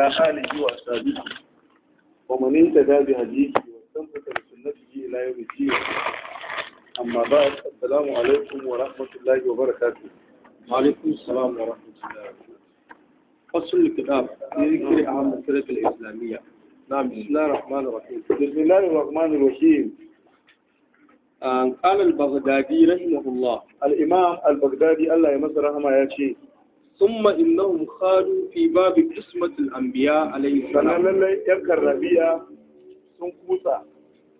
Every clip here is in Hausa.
وعلى آله وأصحابه ومن اهتدى بهديه واستمسك بسنته إلى يوم الدين أما بعد السلام عليكم ورحمة الله وبركاته وعليكم السلام ورحمة الله وبركاته فصل الكتاب في ذكر أهم الفرق الإسلامية نعم بسم الله الرحمن الرحيم بسم الله الرحمن الرحيم قال البغدادي رحمه الله الإمام البغدادي الله يمسى رحمه يا شيخ ثم إنهم خالوا في باب قسمة الأنبياء عليه السلام لله يركى sun سنكوسا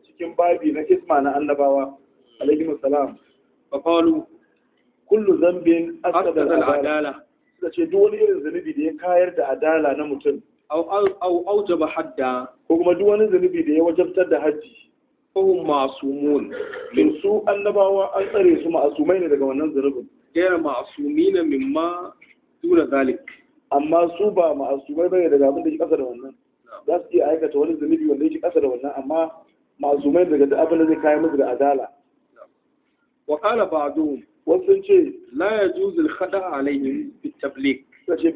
cikin babi na isma na annabawa alaihi salam fa qalu kullu dhanbin asada al-adala suka ce duk wani irin zanubi da ya kayar da adala na mutum au au au, aujaba hadda ko kuma duk wani zanubi da ya wajabtar da haji fahum masumun min su annabawa an tsare su ma'asumai ne daga wannan zanubin gaya ma'asumin mimma dura zalik amma su ba ma'asumai bane daga abin da ke kasa da wannan za su iya aikata wani zunubi wanda yake kasa da wannan amma ma'asumai daga abin da zai kayan musu da adala wa qala ba'duhum wasu sun ce la yajuzu al-khada' alaihim bit tabliq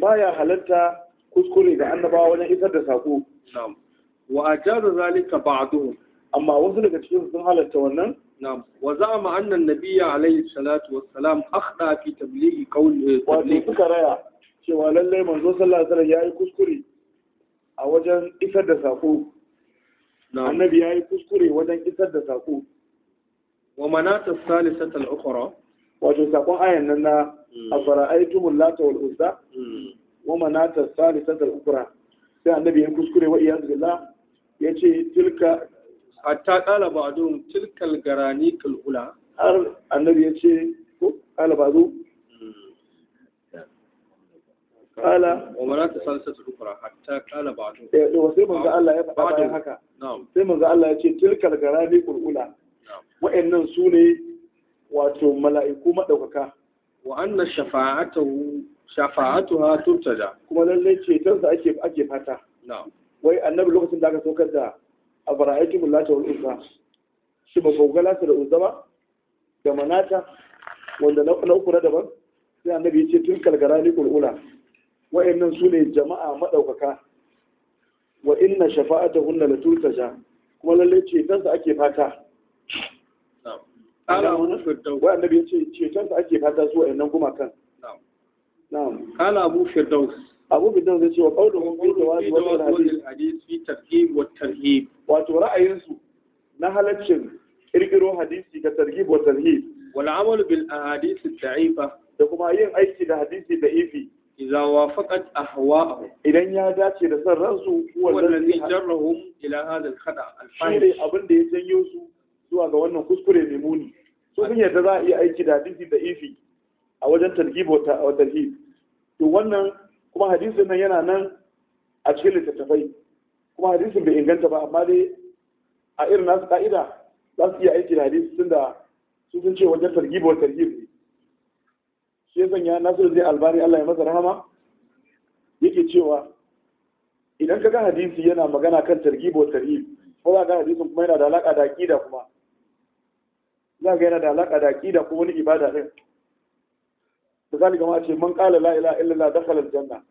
ba ya halatta kuskure da annabawa wajen isar da sako na'am wa ajaza zalika ba'duhum amma wasu daga cikin sun halatta wannan Wa za نعم وزعم أن النبي عليه الصلاة والسلام أخطأ في تبليغ قول تبليغ سكرايا cewa lallai manzo sallallahu alaihi ya yi kuskure a wajen isar da sako annabi ya yi kuskure wajen isar da sako wa manata salisata al-ukhra wato saƙon ayan nan na hmm. afara'aytumul lata wal uzza hmm. wa manata salisata al-ukhra sai annabi ya yi kuskure wa iyaz billah yace tilka hatta ba ba'dhum tilkal garani kalula har annabi ya ce ko qala ba'dhu qala wa marat ta ukra hatta qala ba'dhum Sai eh, wa sai manzo Allah ya faɗa bayan haka sai manzo Allah ya ce tilkal garani kalula wa'annan su ne wato mala'iku madaukaka wa shafa'atu shafa'atu ha turtaja kuma lallai cetonsa ake ake fata wai annabi lokacin da aka sokar da a fara'aitu mulata wal uzza shi ba ku galata da uzza ba da manata wanda na uku na daban sai annabi ya ce tun kalgara ni kulula wa'annan su ne jama'a madaukaka wa inna shafa'atuhunna la tutaja kuma lalle ce dan sa ake fata ala wa annabi ya ce ce dan sa ake fata su wa'annan gumakan na'am qala abu firdaus abu firdaus yace wa qawluhum fi jawaz wa hadith fi tarhib wa tarhib wato ra'ayinsu na halaccin ƙirƙiro hadisi ga tarhib wa tarhib wal amal bil ahadith da'ifa da kuma yin aiki da hadisi da'ifi idza wafaqat ahwa'ahum idan ya dace da san ransu wallazi jarrahum ila hadha al khada al fahim abin da ya janyo su zuwa ga wannan kuskure mai muni so kun yadda za a iya aiki da hadisi da ifi a wajen targhib wa tarhib to wannan kuma hadisin nan yana nan a cikin littattafai kuma hadisin bai inganta ba amma dai a irin nasu ka'ida za su iya aiki da hadisi tun da su sun ce wajen targibi wa targibi ne shi ya sanya nasiru zai albani allah ya masa rahama yake cewa idan ka ga hadisi yana magana kan targibi wa targibi ko za ga hadisin kuma yana da alaƙa da aƙida kuma za ga yana da alaƙa da aƙida ko wani ibada ɗin misali kamar a ce man qala la ilaha illallah dakhala aljanna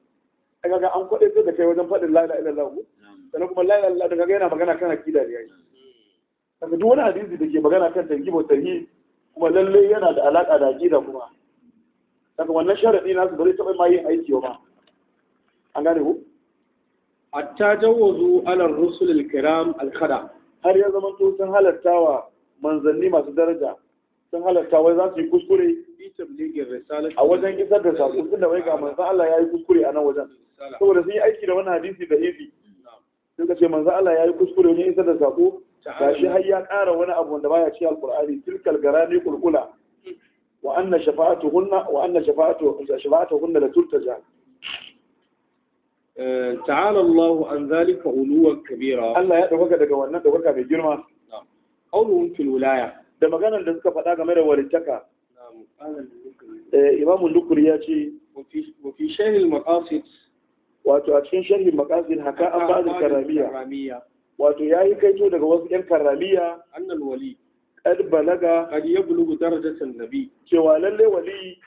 ai ga an kwade da kai wajen faɗin la ilaha illallah sannan kuma la ilaha illallah da kaga yana magana kan akida ne yayi daga duk wani hadisi da ke magana kan targhib tarhib kuma lalle yana da alaka da akida kuma daga wannan sharadi na su zai taɓa yin aiki ba an gane ku hatta jawazu ala rusul al-kiram al har ya zama to sun wa manzanni masu daraja sun halarta wai za su yi kuskure a wajen isar da sako tun da wai ga manzan Allah ya yi kuskure a nan wajen saboda sun yi aiki da wannan hadisi da izi sun ka ce manzan Allah ya yi kuskure ne isar da sako gashi har ya ƙara wani abu wanda baya ci Alƙur'ani. tilkal garani kulkula wa anna shafa'atuhunna wa anna shafa'atu shafa'atuhunna la tultaja eh, ta'ala Allah an zalika uluwan kabira Allah ya dauka daga wannan dauka mai girma qaulun fil wilaya da maganar da suka faɗa game da walittaka eh, Imam lukuri ya ce shahil wato a cikin shahil maqasid haka an ba'd karamiya wato ya yi kaito daga wasu yan karamiya annal wali ƙad balaga qad yablughu darajatan nabi cewa lalle wali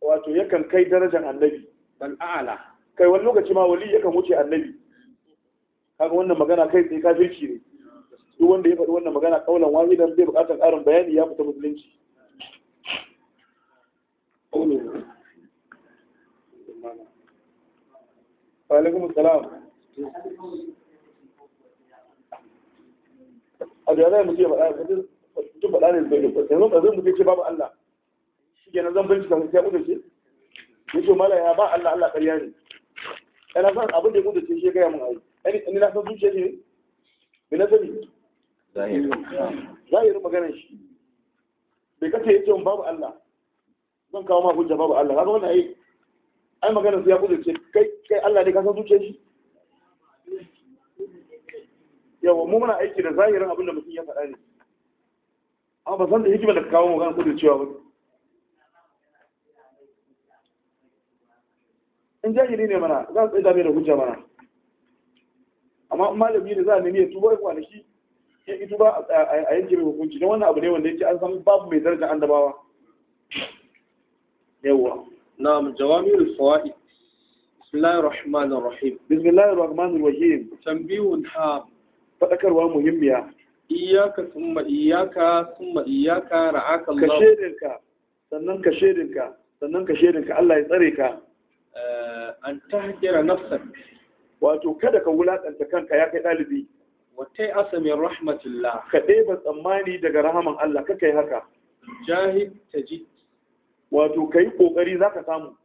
wato yakan kai darajar annabi bal a'ala kai wani lokaci ma wali yakan wuce annabi kaga wannan magana kai sai kafirci ne duk wanda ya faɗi wannan magana kaulan wahidan bai buƙatar ƙarin bayani ya fita musulunci alaikum salam a da zai mutu ya faɗa duk faɗa ne zai yanzu ba zai muke ce babu Allah shi kenan zan bincika sai ya kudu ce ya ce mala ya ba Allah Allah ƙarya ne yana san abin da ya kudu ce shi ya gaya mun ai ni na san zuciya ne me na sani zahirin maganar shi bai kace yace mun babu Allah zan kawo ma hujja babu Allah kaga wannan ai ai maganar su ya kudu ce kai kai Allah ne ka san zuciyar shi yawa mu muna aiki da zahirin abin da mutum ya faɗa ne amma ba san da hikimar da ka kawo maganar kudu cewa ba in jahili ne mana za su tsaye da hujja mana amma malami ne za a nemi ya tuba kwanaki ita ba a yanke mai hukunci don wannan abu ne wanda yake an san babu mai daraja annabawa yawwa na'am jawami'ul fawaid bismillahir rahmanir rahim bismillahir rahmanir rahim tanbihun ha fadakarwa muhimmiya iyaka summa iyaka summa iyaka ra'aka Allah ka shedinka sannan ka shedinka sannan ka shedinka Allah ya tsare ka eh, an tahjira nafsak wato kada ka wulakanta kanka ya kai dalibi wattai asa min Rahmatullah. ka ɗeba tsammani daga rahaman Allah ka kai haka ta ji. wato ƙoƙari za ka samu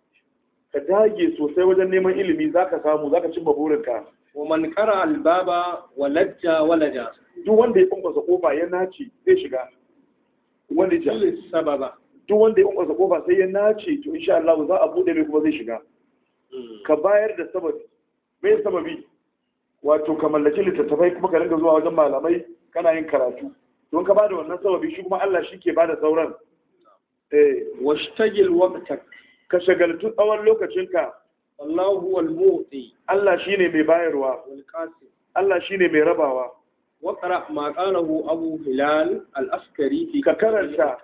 ka dage sosai wajen neman ilimi za ka samu ka cimma burinka wa man qara albaba wa lajja walaja duk wanda ya kunkusa kofa ya nace zai shiga wanda ya sababa duk wanda ya kunkusa kofa sai ya nace to insha Allah za a bude mai kuma zai shiga hmm. ka bayar da sababi me sababi wato ka mallaki littattafai kuma ka ringa zuwa wajen malamai kana yin karatu don ka bada wannan sababi shi kuma Allah shi ke bada sauran eh washtagil waqtak ka shagaltu tsawon lokacinka Allahu wal mu'ti Allah shine mai bayarwa wal qasim Allah shine mai rabawa waqra ma qalahu Abu Hilal al-Askari fi ka karanta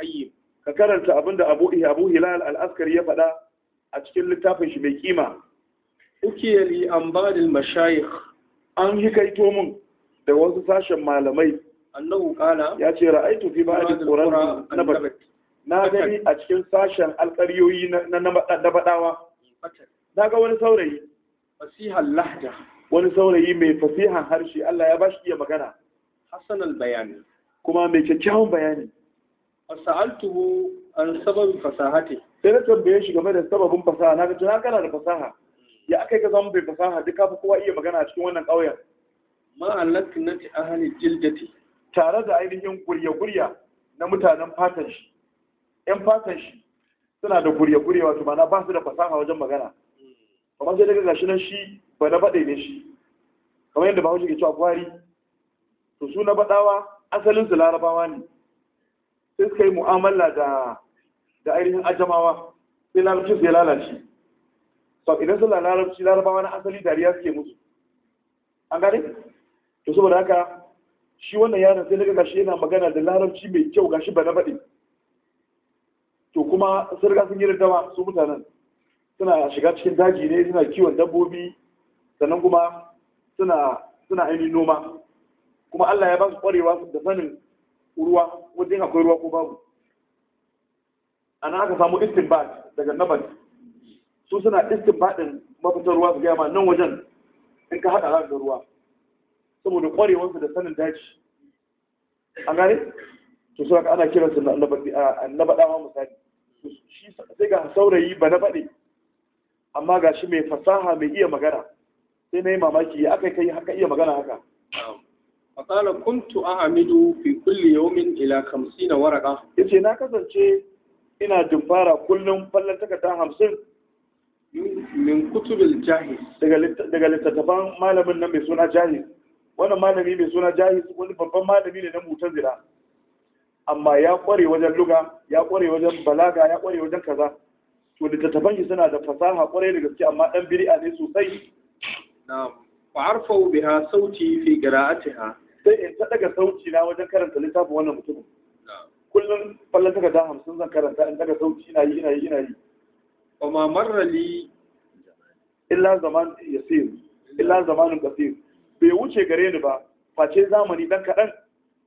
ka karanta abinda Abu Abu Hilal al-Askari ya faɗa a cikin littafin shi mai kima Ukiyali an ba'dil mashayikh an yi kaito mun da wasu sashen malamai annahu ya ce ra'aitu fi ba qur'an nabat na gani a cikin sashen alƙaryoyi na na badawa na ga wani saurayi fasihan lahja wani saurayi mai fasihan harshe Allah ya bashi iya magana hasanal bayani kuma mai kyakkyawan bayani fasaltuhu an sababin fasahati sai na tambaye shi game da sababin fasaha na ga tana kana da fasaha ya aka yi ka zama bai fasaha duk fi kowa iya magana a cikin wannan ƙauyen ma'alak na ci ahalin jildati tare da ainihin gurya-gurya na mutanen fatan shi yan fatan shi suna da gurya-gurya wato mana ba su da fasaha wajen magana kamar sai daga gashi nan shi ba na baɗe ne shi kamar yadda bahaushe ke cewa gwari to su na baɗawa asalin su larabawa ne sai suka yi mu'amala da da ainihin ajamawa sai larabcin su ya lalace to idan suna larabci larabawa na asali dariya suke musu an gane to saboda haka shi wannan yaron sai daga gashi yana magana da larabci mai kyau gashi na baɗi to kuma sun riga sun yi dawa su mutanen suna shiga cikin daji ne suna kiwon dabbobi sannan kuma suna suna ainihin noma kuma Allah ya ba su kwarewa da sanin ruwa wajen akwai ruwa ko babu ana aka samu istinbat daga nabat su suna baɗin mafitar ruwa su gaya ma nan wajen in ka haɗa za ruwa saboda kwarewarsu da sanin daji an gane to suna ka ana kiransu na baɗawa misali shi sai ga saurayi ba na baɗe amma ga shi mai fasaha mai iya magana sai na yi mamaki ya aka kai haka iya magana haka fasala kuntu ahamidu fi kulli yawmin ila kamsi na waraka yace na kasance ina dumfara kullum fallan takarda hamsin. min kutubil jahiz daga littattafan malamin nan mai suna jahiz wannan malami mai suna jahiz wani babban malami ne na mutazila amma ya kware wajen luga ya kware wajen balaga ya kware wajen kaza to littattafan shi suna da fasaha kwarai da gaske amma dan bid'a ne sosai na'am fa arfau biha sauti fi qira'atiha sai in ta daga sauti na wajen karanta littafin wannan mutumin kullum ballan taka da 50 zan karanta in daga sauti ina yi ina yi ina yi wa ma marra li illa zaman yasir illa zamanun qasir bai wuce gare ni ba face zamani dan kadan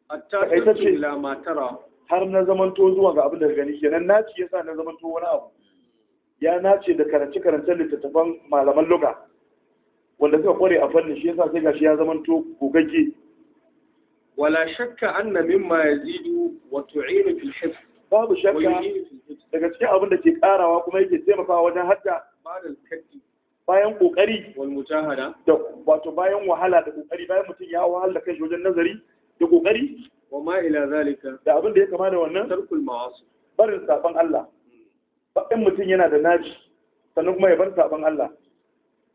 hatta ta ce matara har na to zuwa ga abin da gani kenan naci yasa na to wani abu ya nace da karance karancen littattafan malaman luga wanda suka kware a fannin shi yasa sai gashi ya to gogagge wala shakka anna mimma yazidu wa tu'inu fil hifz babu shakka daga cikin abin da ke karawa kuma yake taimakawa wajen hadda bayan kokari da wato bayan wahala da kokari bayan mutum ya wahala kan shi wajen nazari da kokari wa ma ila zalika da abin da ya kama da wannan tarkul ma'asi barin saban Allah hmm. in mutum yana da naji sannan kuma ya bar saban Allah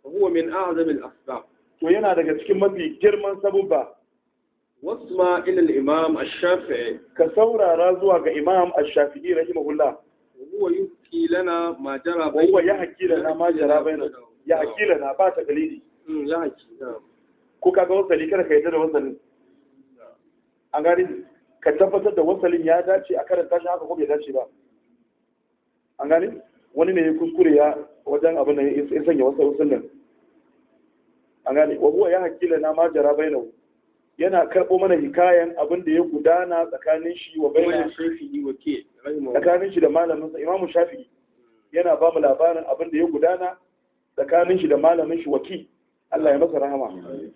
huwa min a'zamil asbab to yana daga cikin mafi girman sabubba wasma ila al-imam ash-shafi'i ka saurara zuwa ga imam ash-shafi'i rahimahullah huwa yuki lana ma jara bayna huwa yahki lana ma jara ya hakila na ba ta dalili hmm, ya haki ko kaga wasali kada ka yadda da wasalin an gani ka tabbatar da wasalin ya dace a karanta shi haka ko bai dace ba an gani wani ne ya kuskure ya wajen abin da ya sanya wasalin an gani wa huwa ya hakila na ma jara bayna yana karɓo mana hikayen abin da ya gudana tsakanin shi wa bayan tsakanin shi da malamin sa imamu shafi'i yana ba mu labarin abin da ya gudana tsakanin shi da malamin shi waki Allah ya masa rahama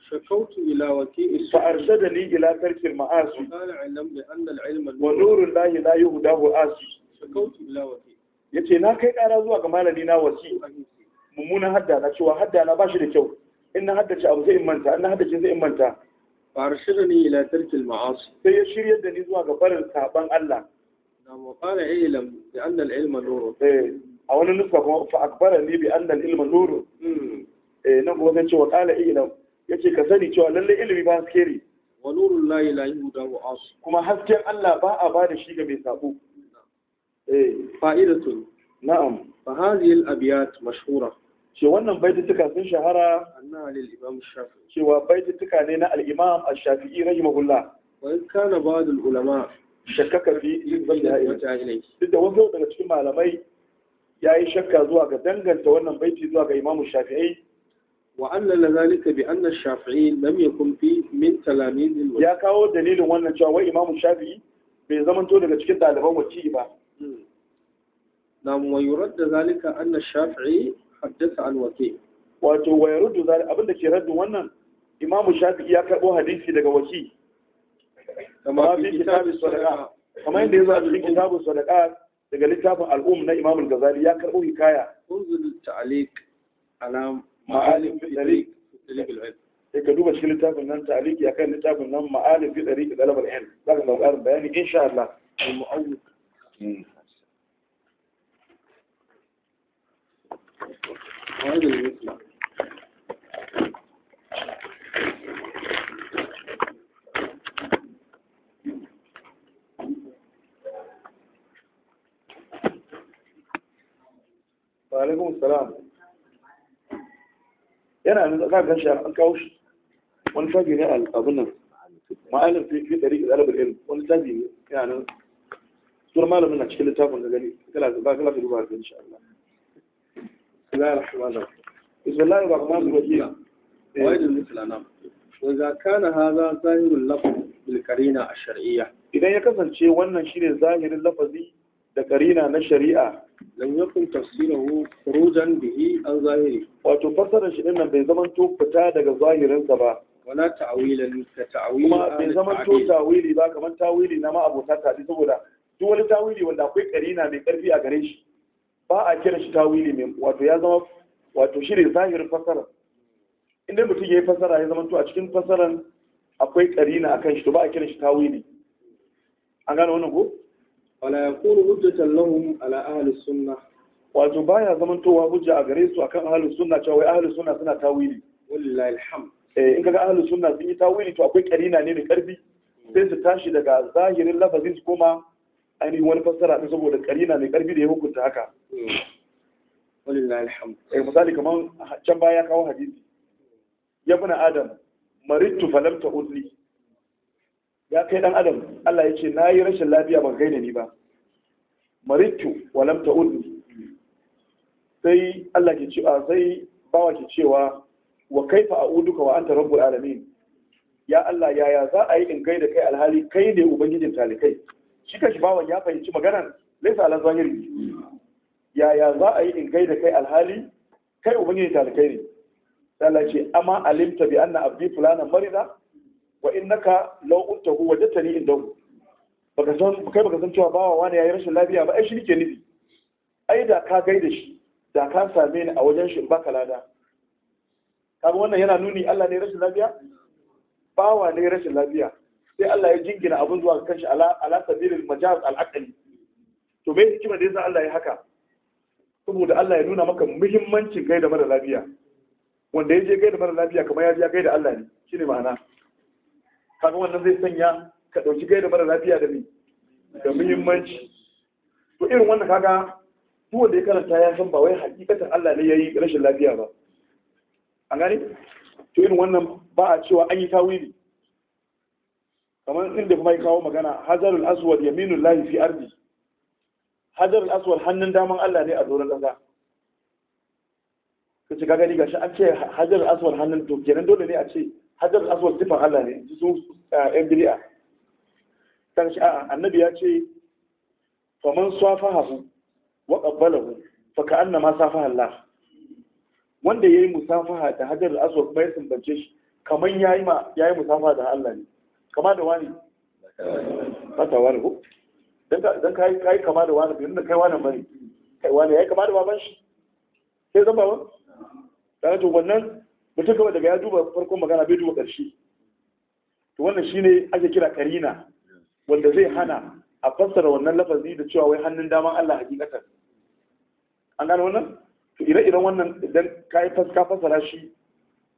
shakautu ila waki fa arshadani ila tarkil ma'asi wa nurul lahi la yuhdahu asi shakautu ila waki yace na kai ƙara zuwa ga malami na wasi mummunan hadda na cewa hadda na shi da kyau in na haddace abu sai in manta in na haddace sai in manta farshidani ila tarkil ma'asi sai ya shirya da ni zuwa ga barin saban Allah na mu qala ilam bi anna al-ilma a wani kuma eh nan zan ce wa qala ilam yace ka sani cewa lalle ilimi ba haske ne wa nurul lahi la yuda wa as kuma hasken Allah ba a bada shi ga mai sabo eh fa'idatu na'am fa hadhihi al-abyat mashhura ce wannan baitu-tuka sun shahara cewa baitu-tuka ne na al-imam ash-shafi'i rahimahullah wa kana ba'd al-ulama shakkaka fi duk da wasu daga cikin malamai ya yi shakka zuwa ga danganta wannan baiti zuwa ga imamu shafi'i wa allala zalika bi anna shafi'i lam yakun fi min talamidil ya kawo dalilin wannan cewa wai imamu shafi'i bai zamanto daga cikin ɗaliban wacce ba hmm. nam wa yurad da zalika anna shafi'i haddasa an wake wato wa yaruddu zalik abin da ke raddu wannan imamu shafi ya karbo hadisi daga waki kamar fi kitabis sadaqa kamar inda yazo a cikin kitabus sadaqa daga littafin al'um na imam al-ghazali ya karbo hikaya unzul ta'liq ala ma'alim fi tariq al-ilm sai ka duba cikin littafin nan ta'liq ya kan littafin nan ma'alim fi tariq talab al-ilm zaka ga ƙarin bayani insha Allah al-mu'awwid وعليكم السلام يانا نتقال كان شيئا الكوش ونفاجي نقل أظن ما في في طريق الألب العلم يعني طول ما أعلم منك شكل إن شاء الله Eh, Idan ya kasance wannan shi ne zahirin lafazi وايد مثل أنام وإذا كان هذا ظاهر اللفظ بالقرينة الشرعية da karina na shari'a lam yakun tafsiruhu khurujan bihi an zahiri wato fassara shi ɗin nan bai zaman to fita daga zahirinsa ba wala ta'wilan ka ta'wil kuma bai zaman to ta'awili ba kamar ta'wili na ma abota ta saboda duk wani ta'wili wanda akwai karina mai karfi a gare shi ba a kira shi tawili mai wato ya zama wato shi ne zahirin fasara inda mutum ya yi fasara ya zama to a cikin fasaran akwai karina a kan shi to ba a kira shi tawili an gane wannan ko wala kuru hujjatan lahum ala ahli suna. wato baya zaman wa hujja a gare su akan ahli sunna cewa wai ahli sunna suna tawili wallahi alhamd eh in kaga ahli sunna sun yi tawili to akwai karina ne da karfi sai su tashi daga zahirin lafazin su koma Ani wani fassara ɗin saboda karina mai ƙarfi da ya hukunta haka walillahi eh, misali kamar can baya ya kawo hadisi ya buna adam marittu falam ta udli ya kai dan adam Allah ya ce na yi rashin lafiya ban gaine ni ba marittu walam ta udli sai Allah ke cewa sai bawa ke cewa wa kaifa a'uduka wa anta rabbul alamin ya Allah yaya za a yi in gaida kai alhali kai ne ubangijin talikai shi bawan ya fahimci maganar laisa ala zahiri yaya za a yi in gaida kai alhali kai ubangiji talakai ne Allah ce amma alimta bi anna abdi fulana marida wa innaka law untahu wajadtani indahu baka san kai baka san cewa bawa wani yayi rashin lafiya ba ai shi nake nufi ai da ka gaida shi da ka same ni a wajen shi in baka lada kaga wannan yana nuni Allah ne rashin lafiya bawa ne rashin lafiya sai Allah ya jingina abin zuwa kan kanshi ala ala sabilil majaz al aqli to me hikima da yasa Allah ya haka saboda Allah ya nuna maka muhimmancin gaida mara lafiya wanda ya je gaida mara lafiya kamar ya je gaida Allah ne shine ma'ana kaga wannan zai sanya ka dauki gaida mara lafiya da me da muhimmanci to irin wannan kaga duk wanda ya karanta ya san ba wai hakikatan Allah ne yayi rashin lafiya ba an gane to irin wannan ba a cewa an yi tawili kamar inda kuma ya kawo magana hajarul aswad Yaminu lahi fi ardi hajarul aswad hannun daman Allah ne a doron kasa kace ka gani gashi an ce hajarul aswad hannun to kenan dole ne a ce hajarul aswad sifan Allah ne su ɗan eh, bid'a Ta shi annabi ya ce faman safahu wa qabbalahu fa ka'annama safaha Allah wanda yayi musafaha da hajarul aswad bai sumbance shi kamar yayi ma yayi musafaha da Allah ne kama da wani fata wani ko don kai yi kama da wani biyu da kai wani bane kai wani ya yi kama da baban shi sai zan baban dan to wannan mutum kawai daga ya duba farkon magana bai duba ƙarshe to wannan shine ake kira karina wanda zai hana a fassara wannan lafazi da cewa wai hannun daman Allah hakikatar an gane wannan to ire-iren wannan idan ka yi fassara shi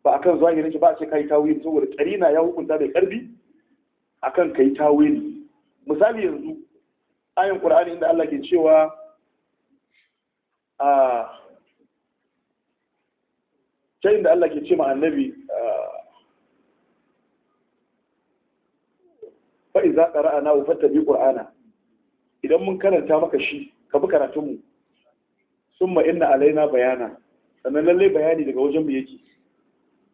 ba a kan zuwa ne ba a ce ka yi tawili saboda karina ya hukunta da karbi akan kai tawili misali yanzu ayin qur'ani inda Allah ke cewa a sai inda Allah ke ce ma annabi fa iza qara'ana wa fattabi qur'ana idan mun karanta maka shi ka bi karatunmu summa inna alaina bayana sannan lallai bayani daga wajen mu yake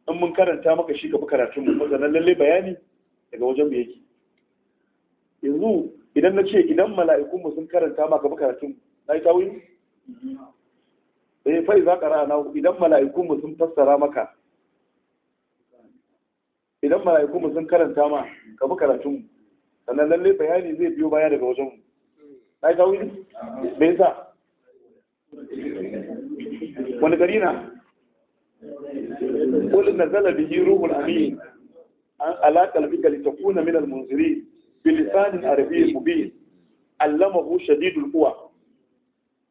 in mun karanta maka shi ka bi karatunmu sannan lallai bayani daga wajen mu yake yanzu idan na ce idan mala'ikunmu sun karanta maka karatun na yi tawili eh za ka qara'na idan mala'ikunmu sun fassara maka idan mala'ikunmu sun karanta ma ka bi karatun sannan lalle bayani zai biyo baya daga wajen mu na yi tawili me yasa wani gari na qul nazala bihi ruhul amin an alaƙar bika litakuna minal munziri bilisanin arabi mubin allamahu shadidul kuwa.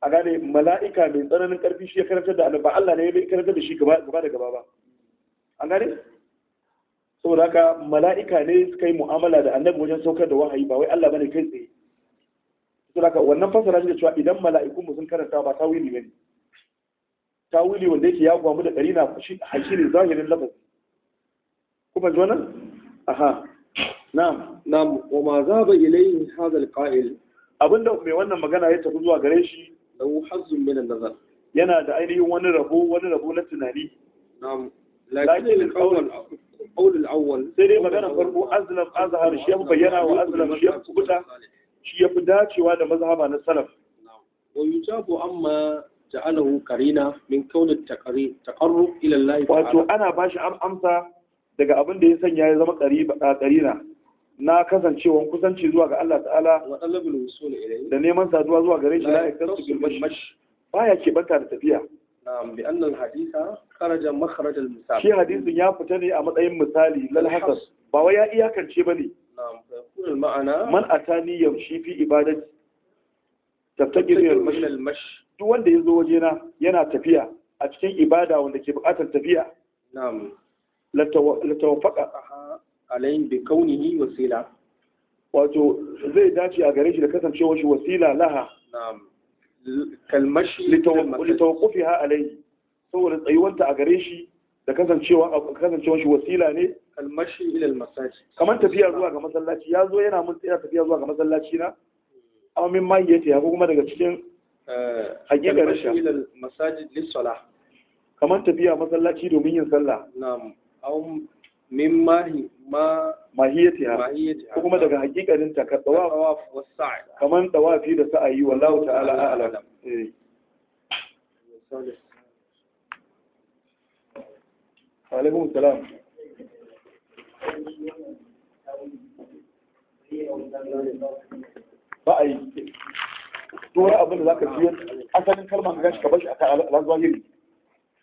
a gane mala'ika mai tsananin karfi shi ya karantar da annabi Allah ne ya karantar da shi gaba da gaba ba A gane saboda haka mala'ika ne suka yi mu'amala da annabi wajen saukar da wahayi ba wai Allah bane kai tsaye saboda haka wannan fasara shi da cewa idan mala'ikun mu sun karanta ba tawili bane tawili wanda yake ya gwamu da ɗari na shi ne zahirin lafazi kuma ji wannan aha na'am na'am wa ma abinda mai wannan magana ya tafi zuwa gare shi lahu hazzun min nazar yana da ainihin wani rabo wani rabo na tunani na'am lakin al-qawl al-awwal sai dai magana farko azlam azhar shi ya bayyana wa azlam shi ya kubuta shi ya fi dacewa da mazhaba na salaf wa yujabu amma ja'alahu qarina min taqarrub ila Allah wato ana bashi amsa daga abin da ya sanya ya zama ƙarina na kasancewan kusanci zuwa ga Allah ta'ala da neman saduwa zuwa gare shi la yaktasu gilmashi mash baya ke banta da tafiya bi annal hadisa kharaja misal shi hadisin ya fita ne a matsayin misali lal ba wai ya iyakance bane na'am yakun ma'ana man atani yamshi fi ibadati tabtaqi min al duk wanda ya zo wajena yana tafiya a cikin ibada wanda ke buƙatar tafiya na'am latawafaka alayhim bi kaunihi wasila wato zai dace a gare shi da kasancewar shi wasila laha kalmashi ha alayhi saboda tsayuwanta a gare shi da kasancewa kasancewar shi wasila ne kalmashi ila almasajid kamar tafiya zuwa ga masallaci ya zo yana mun tsaya tafiya zuwa ga masallaci na amma min mai yace ko kuma daga cikin eh, hakikar shi ila almasajid lis-salah kamar tafiya masallaci domin yin sallah na'am أو من ما ما ماهيتها ماهيتها كما دغ حقيقتين تك الطواف والسعي كما الطواف دي سعي والله تعالى اعلم إيه. عليكم السلام باي دور ابن ذاك الشيخ اصل الكلمه ما جاش كبش على الظاهري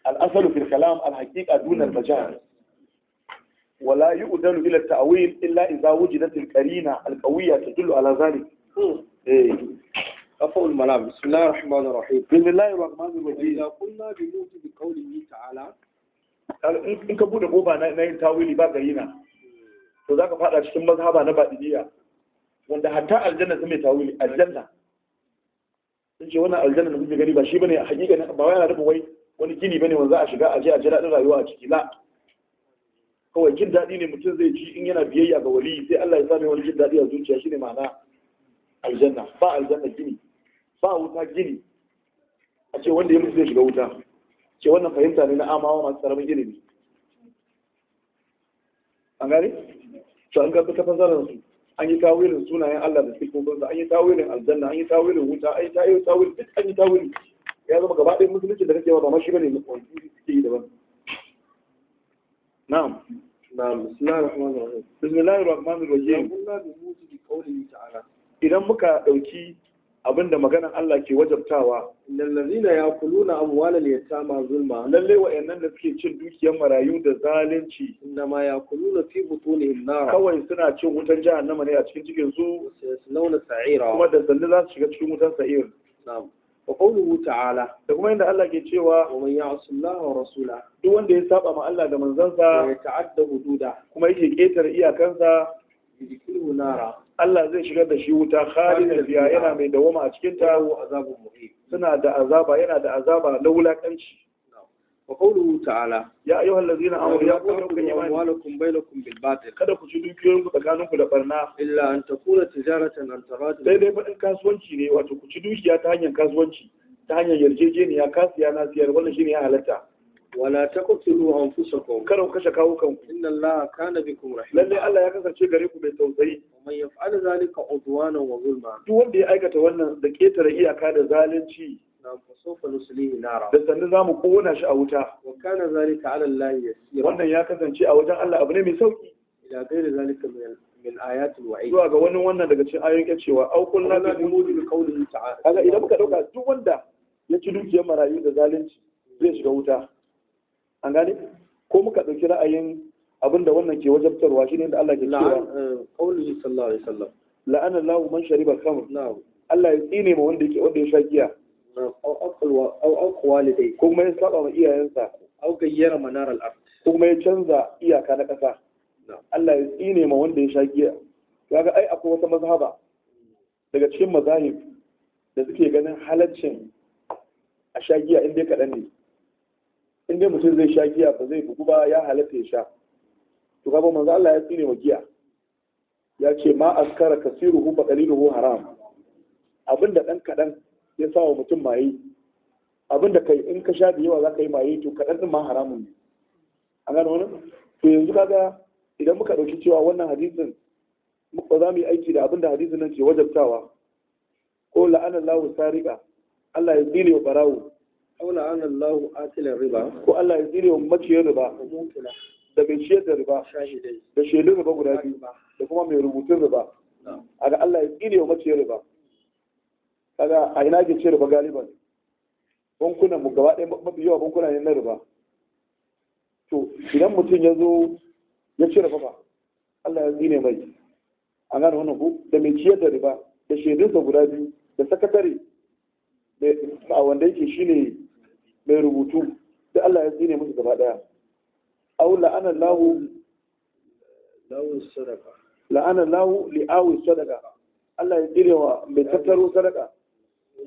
الاصل في الكلام الحقيقه دون المجاز wala yu'dalu ila ta'wil illa idza wujidat al-qarina al-qawiyya tadullu ala zalik eh afawul malam bismillahir rahmanir rahim bismillahir rahmanir rahim la kunna bi mutu bi ta'ala in ka bude koba na yin tawili ba garina to ka fada cikin mazhaba na badiliya wanda hatta aljanna sai mai tawili aljanna sun ce wannan aljanna na kuke gani ba shi bane hakika ba wai yana rubu wai wani gini bane wanda za a shiga a je a jira din rayuwa a ciki la kawai jin daɗi ne mutum zai ji in yana biyayya ga wali sai Allah ya sami wani jin daɗi a zuciya shine ma'ana aljanna ba aljanna gini ba wuta gini a ce wanda ya mutu zai shiga wuta ce wannan fahimta ne na amawa masu gini ne. an gane to an gaba ta fasarar su an yi tawilin sunayen Allah da sifofin an yi tawilin aljanna an yi tawilin wuta an yi tawilin duk an yi tawilin ya zama gaba ɗaya musulunci da kake wa ba shi bane musulunci suke yi daban na'am na'am bismillahir rahmanir idan muka dauki abinda maganar Allah ke wajabtawa innal ladina yaquluna amwalal yatama zulma lalle wayannan da suke cin dukiyar marayu da zalunci innama yakuluna fi butunihim nar kawai suna cin wutan jahannama ne a cikin cikin su launa sa'ira kuma da sanne za su shiga cikin wutan sa'ir na'am wa qawluhu ta'ala da kuma inda Allah ke cewa wa man ya'si Allah rasula duk wanda ya saba ma Allah da manzansa ya ta'adda hududa kuma yake ketare iyakansa yudkhiluhu nara Allah zai shigar da shi wuta khalidan fiha yana mai dawama a cikin taro. azabun muhim suna da azaba yana da azaba na wulakanci wa qawluhu ta'ala ya ayyuha allazina amanu ya qulu amwalakum bainakum kada ku ci dukiyoyin tsakaninku da barna illa an takuna tijaratan an tarad sai dai fadin kasuwanci ne wato ku ci dukiya ta hanyar kasuwanci ta hanyar yarjejeniya kasiya na siyar wannan shine ya halatta wala taqtulu anfusakum kada ku kashe kawukan ku. inna allaha kana bikum rahim lalle Allah ya kasance gare ku mai tausayi man yaf'al zalika udwana wa zulma duk wanda ya aikata wannan da ketare iyaka da zalunci da sannu za mu kona shi a wuta wannan ya kasance a wajen Allah abu ne mai sauki ila gairi zalika min ayatul wa'id zuwa ga wani wannan daga cikin ayoyin kacewa au kullu la yumudu bi qawlihi ta'ala kaga idan muka dauka duk wanda ya ci dukiyar marayu da zalunci zai shiga wuta an gane ko muka dauki ra'ayin abinda wannan ke wajabtarwa shine da Allah ke cewa eh, qawlihi sallallahu alaihi wasallam la'ana Allahu man shariba al-khamr Allah ya tsine ma wanda yake wanda ya sha giya au kuma ya saba wa iyayensa au gayyara manar kuma ya canza iyaka na ƙasa Allah ya tsine ma wanda ya sha giya ai akwai daga cikin da suke ganin a sha giya kaɗan ne mutum zai sha giya ba zai bugu ba ya halatta ya sha to kaga ya tsine ma giya ya ce ma ba haram da kaɗan ya sa wa mutum maye abinda kai in ka sha da yawa za ka yi maye to kaɗan ɗin ma haramun ne a gano wani to yanzu kaga idan muka ɗauki cewa wannan hadisin ba za mu yi aiki da abinda hadisin nan ke wajabtawa ko la'anar lahu sariƙa Allah ya tsire wa barawo ko la'anar lahu atilar riba ko Allah ya zile wa maciyar riba da mai ciyar da riba da shaidun riba guda biyu da kuma mai rubutun riba a ga Allah ya tsire wa maciyar riba kaga a ina ke ce riba galiban bankunan mu gaba ɗaya mafi yawa bankuna ne na riba to idan mutum ya zo ya ce rufa ba Allah ya zine mai A gane wani ku da mai ciyar da riba da shaidunsa guda biyu da sakatare a wanda yake shine mai rubutu da Allah ya zine musu gaba ɗaya aw la'ana lahu lahu sadaqa la'ana lahu li'awi sadaqa Allah ya tsirewa mai tattaro sadaka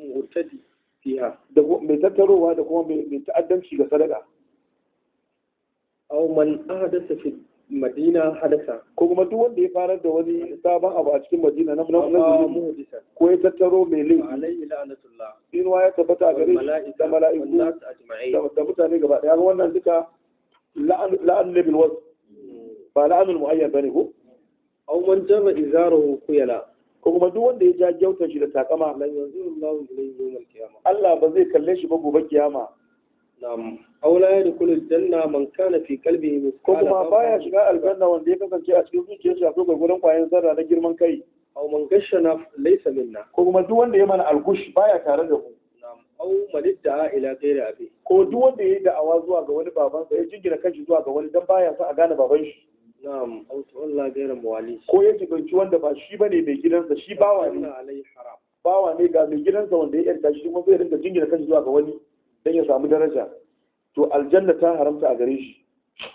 murtadi fiha da mai tattarowa da kuma mai ta'addanci ga sadaka aw man ahdatha fi madina hadatha ko kuma duk wanda ya farar da wani sabon abu a cikin madina na munafiqun ko ya tattaro mai laifi alayhi la'natullah in wa ya tabbata gare shi da mala'iku da mutane gaba daya wannan duka la'an bil waz hmm. ba la'an muayyan bane ko aw man jarra izaruhu kuyala ko kuma duk wanda ya ja gyautar shi da takama lan Allahu ilayhi qiyamah Allah ba zai kalle shi ba gobe kiyama na'am aula ya dukul janna man kana fi qalbihi ko kuma baya shiga aljanna wanda ya kasance a cikin zuciyarsa akwai gurgurun kwayan zarra na girman kai aw man gashana laysa minna ko kuma duk wanda ya mana algush baya tare da ku. na'am aw malidda ila ghairi abi ko duk wanda ya yi da'awa zuwa ga wani babansa ya jingina kanshi zuwa ga wani dan baya sa a gane baban shi na'am aw tu'alla ghayra mawali ko ya jibanci wanda ba shi bane mai gidansa shi bawa ne bawa ne ga mai gidansa wanda ya yarda shi kuma zai rinka jingina kanshi zuwa ga wani dan ya samu daraja to aljanna ta haramta a gare shi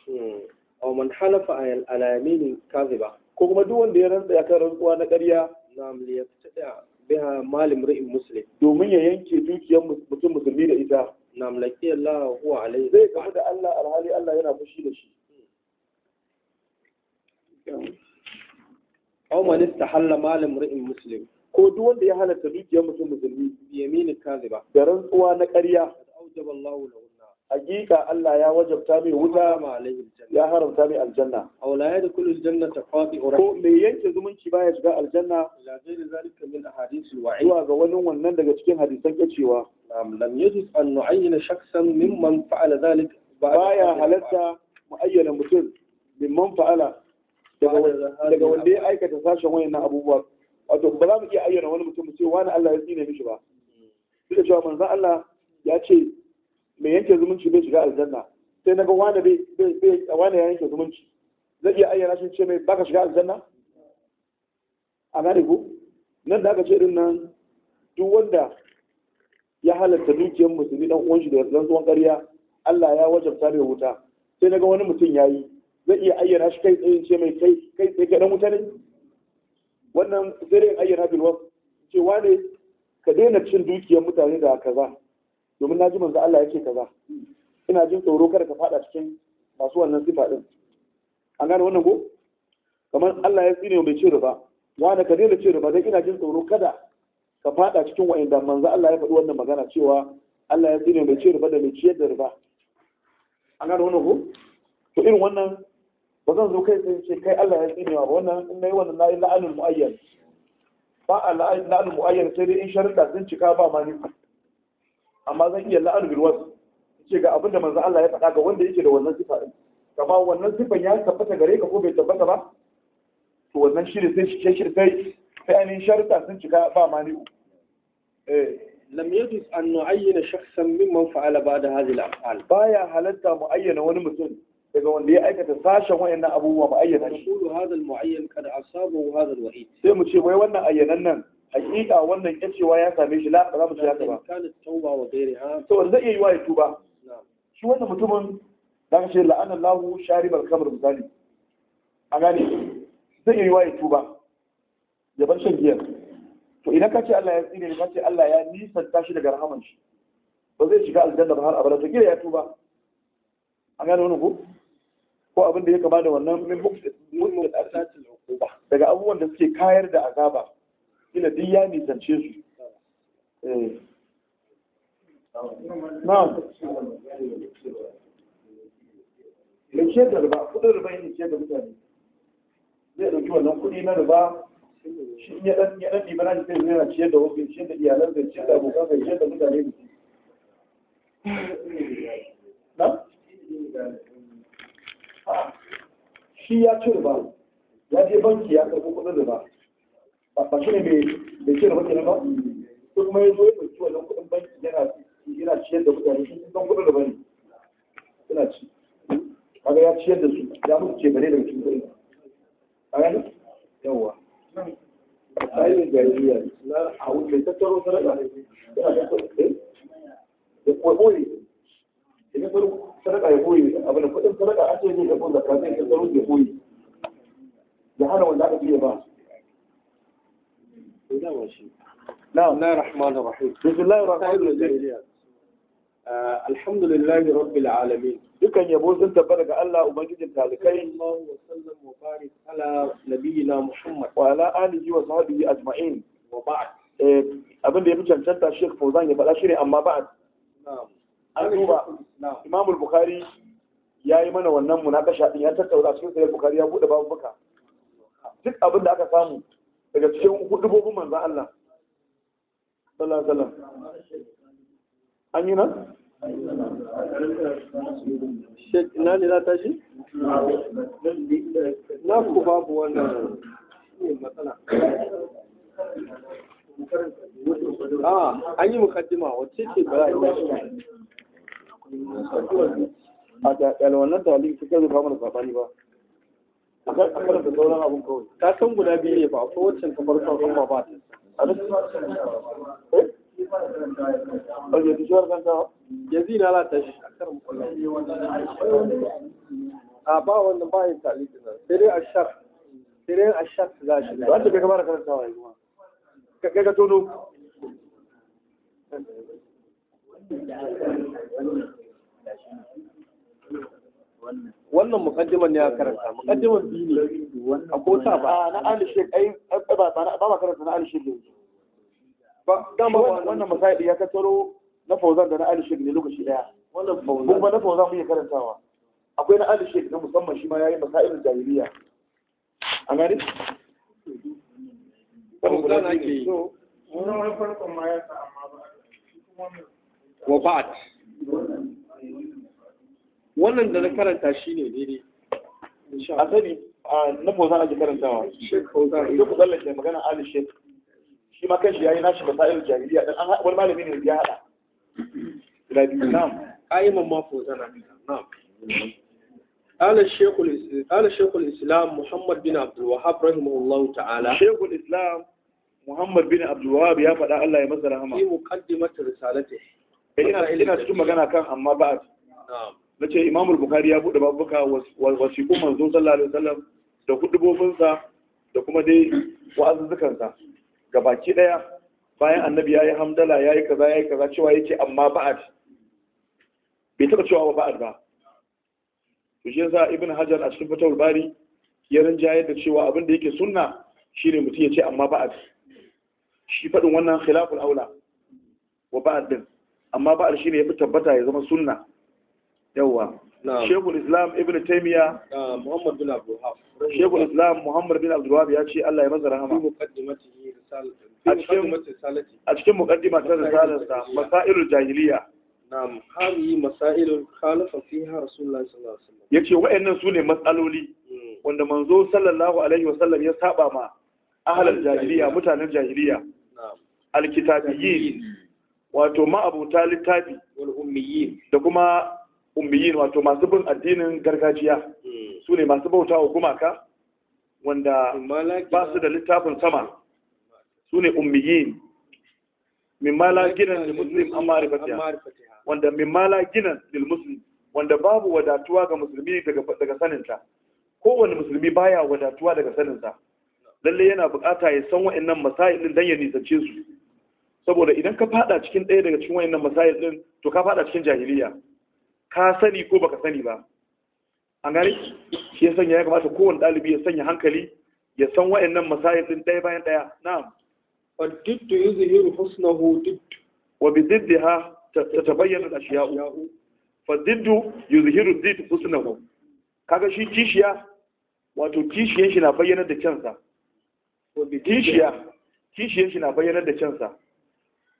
hmm. aw man halafa ala yaminin kaziba ko kuma duk wanda ya rantsa ya kan rantsuwa na ƙarya na'am li yaftada biha malim ri'in muslim domin ya yanke dukiyar mutum musulmi da ita na'am laqiyallahu huwa alayhi zai kamu da Allah alhali Allah yana fushi da shi aw man istahalla mal imri'in muslim ko duk wanda ya halatta dukiyar mutum musulmi yaminin kaziba da rantsuwa na ƙarya aujaballahu hakika Allah ya wajabta mai wuta ya haramta mai aljanna da la yadkhulu ta qati'u rahim ko mai yanke zumunci baya shiga aljanna la ghayra zalika min ahadithil wa'id zuwa ga wani wannan daga cikin hadisan kacewa lam lam yajuz an nu'ayyana shakhsan mimman fa'ala zalika baya halatta mu'ayyana mutum mimman fa'ala daga wanda ya aikata sashen wayannan abubuwa wato ba za mu iya ayyana wani mutum ce wani Allah ya tsine mishi ba duk da cewa manzon Allah ya ce mai yanke zumunci bai shiga aljanna sai naga wani bai bai wani ya yanke zumunci zai iya ayyana shi ce mai baka shiga aljanna a gane ku, nan da aka ce din nan duk wanda ya halatta dukiyar musulmi dan uwan shi da rantsuwan ƙarya Allah ya wajabta da wuta sai naga wani mutum yayi zai iya ayyana shi kai tsaye ce mai kai kai tsaye ga dan wuta ne wannan zai iya ayyana bilwa wasf cewa ne ka daina cin dukiyar mutane da kaza domin na ji manzo Allah yake kaza ina jin tsoro kada ka fada cikin masu wannan sifa din an gane wannan ko kamar Allah ya tsine mai ce riba wane ka daina ce riba dan ina jin tsoro kada ka fada cikin wa'inda manzo Allah ya faɗi wannan magana cewa Allah ya tsine mai ce riba da mai ciyar da riba an gane wannan ko to irin wannan ba zan zo kai sai ce kai Allah ya tsine ba wannan in nayi wannan nayi la'anul mu'ayyan ba a la'anul mu'ayyan sai dai in sharuɗa sun cika ba ma ni amma zan iya la'anul bil wasu ce ga abinda manzo Allah ya faɗa ga wanda yake da wannan sifa din kama wannan sifan ya tabbata gare ka ko bai tabbata ba to wannan shi ne sai shi sai sai an sharuɗa sun cika ba ma ni eh lam yajuz an nu'ayyana shakhsan mimman fa'ala ba'da hadhihi al-af'al baya halatta mu'ayyana wani mutum daga wanda ya aikata sashen wayannan abubuwa ba ayyana shi kullu hadal muayyan kad asabahu hadal wa'id sai mu ce wai wannan ayyanan nan hakika wannan kyacewa ya same shi la ba za mu ce haka ba kana tauba wa ghairiha to wanda zai yi wa ya tuba shi wannan mutumin da ka ce la'ana lahu sharibal khamr misali a gane zai yi wa ya tuba ya bar shan giyar to idan ka ce Allah ya tsine ne ka ce Allah ya nisanta shi daga rahaman shi ba zai shiga aljanna ba har abada to gida ya tuba an gane wani ku. ko abin da ya kama da wannan ba. daga abubuwan da suke kayar da azaba ila duk ya nisance su eh. na'am mai ciyar da riba kudin riba yin ciyar da mutane zai dauki wannan kudi na riba shi ya dan ya dan ibana ne zai yana ciyar da wasu ya ciyar da iyalan zai ciyar da abokan zai ciyar da mutane na shi ya ci ba ya je banki ya karɓi kuɗin da ba shi ne mai ci riba ba ko kuma ya zo ya ɗauki wannan kuɗin banki yana yana ciyar da mutane shi sun kuɗin riba ne yana ci kaga ya ciyar da su ya mutu ce bare daga cikin kuɗin a gani yawwa tsayin jahiliya na a wuce tattaro sarrafa da eh? ya ce idan sadaka ya koyi abin kuɗin sadaka a ce zai ga kun zakka zai ga tsaro ya koyi ya hana wanda aka biya ba نعم الله الرحمن الرحيم بسم الله الرحمن الرحيم الحمد لله رب العالمين dukan yabo sun tabbata ga Allah ubangijin talikai Allahu wa sallam wa barik ala nabiyina Muhammad wa ala alihi wa sahbihi ajma'in wa ba'd eh, abin ya fi cancanta Sheikh Fauzan ya faɗa shi ne amma an duba Imam Bukhari ya yi mana wannan munakasha din ya tattauna cikin sahih Bukari ya bude babu baka duk abin da aka samu daga cikin hudubobin manzon Allah sallallahu alaihi wasallam an yi nan Sheikh ina ne na tashi? Na ku babu wannan matsala. Ah, an yi mukaddima wacce ce ba za a yi a ƙaƙal wannan su kai mana ba a kan da sauran abin kawai ta san guda biyu ne ba a kowace kamar ba a duk ta eh? kanta yanzu ina lata shi a ba wannan ba yin nan sai a sai a za shi kai ka tono wannan mukaddiman ne ya karanta mukaddiman biyu ne a kota ba ah, na ali shek ai ba ba karanta na ali shek yanzu ba dan ba wannan misali ya tattaro na fauzan da na ali shek ne lokaci daya wannan fauzan kuma na fauzan muke karantawa akwai na ali shek na musamman shi ma yayi masailul jahiliya A gani fauzan ake yi ba. ba'at wannan da na karanta shi ne daidai a sani na bozan ake karantawa shek ku tsallake magana ali shek shi ma kanshi yayi nashi masail jahiliya dan an wani malami ne ya hada ila biyu nam qa'iman ma fozana na'am قال الشيخ قال الاسلام محمد بن عبد الوهاب رحمه الله تعالى شيخ الاسلام محمد بن عبد الوهاب يا فدا الله يمسى رحمه في مقدمه رسالته Eh, ina cikin magana kan amma ba a na ce imamul bukari ya buɗe babuka wasiƙun manzo sallallahu alaihi wasallam da kuɗubofinsa da kuma dai wa'azuzzukansa ga baki ɗaya bayan annabi ya yi hamdala ya yi kaza ya yi kaza cewa ya ce amma ba'ad bai taɓa cewa ba'ad ba to shi yasa ibn hajar a cikin fatawul bari ya rinjaye da cewa abin da yake sunna shine mutum ya ce amma ba'ad shi faɗin wannan khilaful aula wa ba'ad din amma ba'al shine fi tabbata ya zama sunna yawa shekul islam ibn taimiya muhammad bin abdulhaf shekul islam muhammad bin abdulhaf ya ce allah ya maza rahama a cikin mukaddima ta risalarsa masailul jahiliya na'am hali masailul khalafa fiha rasulullahi sallallahu alaihi wasallam yace wa'annan sune matsaloli hmm. wanda manzo sallallahu alaihi wasallam ya saba ma ahlal jahiliya mutanen jahiliya alkitabiyin. wato ma'abuta littafi da kuma ummiyin wato masu bin addinin gargajiya hmm. su ne masu bauta wa gumaka wanda ba su da littafin sama su ne ummiyin mimmala ginan da muslim an ma'rifatiha wanda mimmala ginan lil muslim wanda babu wadatuwa ga musulmi daga saninta kowane musulmi baya wadatuwa daga saninsa lalle yana bukata ya san wa'annan masailin dan ya nisance su saboda idan ka fada cikin ɗaya daga cikin wayannan masayil din to ka fada cikin jahiliya ka sani ko baka sani ba an gane shi ya sanya ya kamata kowane ɗalibi ya sanya hankali ya san wayannan masayil din ɗaya bayan ɗaya na'am wa diddu yuzhiru husnahu diddu wa bi diddiha tatabayyana al-ashiya'u fa diddu yuzhiru didd husnahu kaga shi kishiya wato kishiyan shi na bayyana da bi kishiya kishiyan shi na bayyana da kansa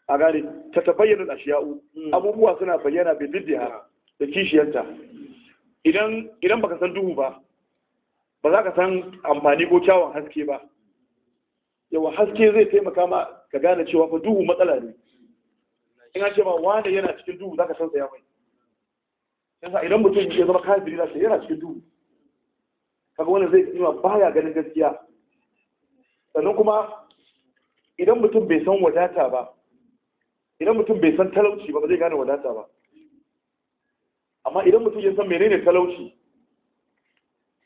a gane ta a ashiya'u hmm. abubuwa suna bayyana bi ha da kishiyarta idan idan baka san duhu ba ba za ka san amfani ko kyawun haske ba yawa haske zai taimaka ma ka gane cewa fa duhu matsala ne in an ce ba wane yana cikin duhu za ka san tsaya mai yasa idan mutum ya zama kafiri za ka yana cikin duhu kaga wannan zai yi baya ganin gaskiya sannan kuma idan mutum bai san wadata ba idan mutum bai san talauci ba ba zai gane wadata ba amma idan mutum ya san menene talauci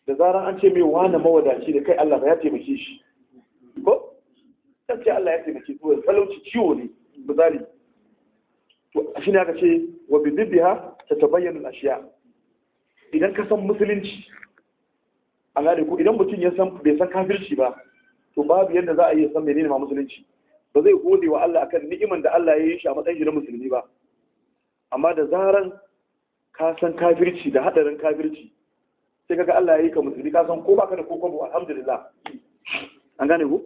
da zaran an ce mai wani mawadaci da kai Allah ba ya taimake shi ko sai ce Allah ya taimake to talauci ciwo ne misali to shi ne aka ce wa bi dibbiha tatabayyana al-ashiya idan ka san musulunci a gane ko idan mutum ya san bai san kafirci ba to babu yadda za a iya san menene ma musulunci ba zai gode wa Allah akan ni'iman da Allah ya yi shi a matsayin shi na musulmi ba amma da zaran ka san kafirci da hadarin kafirci sai kaga Allah ya yi ka musulmi ka san ko baka da kokon ba alhamdulillah an gane ku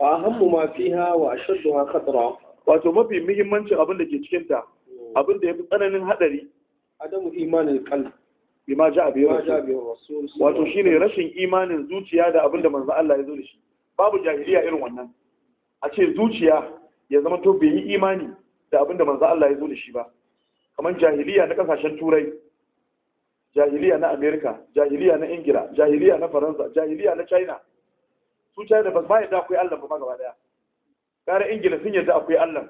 a ahammu ma fiha wa ashadduha khatara wato mafi muhimmancin abin da ke cikin ta abin da yafi tsananin hadari adamu imanin kal bima ja'a bi rasul wato shine rashin imanin zuciya da abin da manzo Allah ya zo da shi babu jahiliya irin wannan a ce zuciya ya zama to bai yi imani da abin da manzo Allah ya zo da shi ba kamar jahiliya na kasashen turai jahiliya na amerika jahiliya na ingila jahiliya na faransa jahiliya na china su china ba ma yadda akwai allah ba gaba daya kare ingila sun yadda akwai allah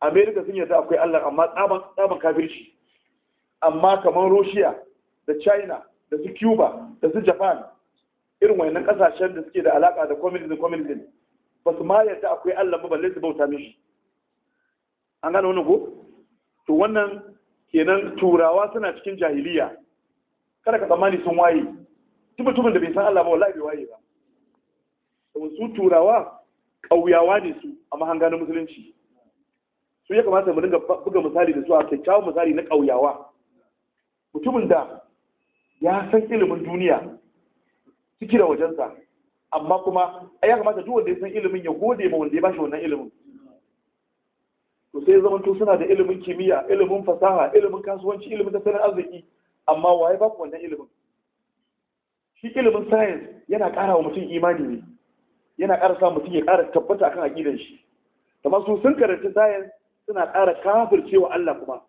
amerika sun yadda akwai allah amma tsaban tsaban kafirci amma kamar russia da china da su cuba da su japan irin wayannan kasashen da suke da alaka da communism communism ba su ma yadda akwai Allah ba balle su bauta mishi an gane wani ko to wannan kenan turawa suna cikin jahiliya kada ka tsammani sun waye tuba da bai san Allah ba wallahi bai waye ba saboda su turawa ƙauyawa ne su a an musulunci su ya kamata mu dinga buga misali da su a kyakkyawan misali na kauyawa mutumin da ya san ilimin duniya ciki da wajensa amma kuma ya kamata duk wanda ya san ilimin ya gode ma wanda ya bashi wannan ilimin to sai zaman to suna da ilimin kimiyya ilimin fasaha ilimin kasuwanci ilimin tattalin arziki amma waye ba wannan ilimin shi ilimin science yana ƙara wa mutum imani ne yana ƙara sa mutum ya ƙara tabbata akan aƙidar shi kamar su sun karanta science suna ƙara kafircewa Allah kuma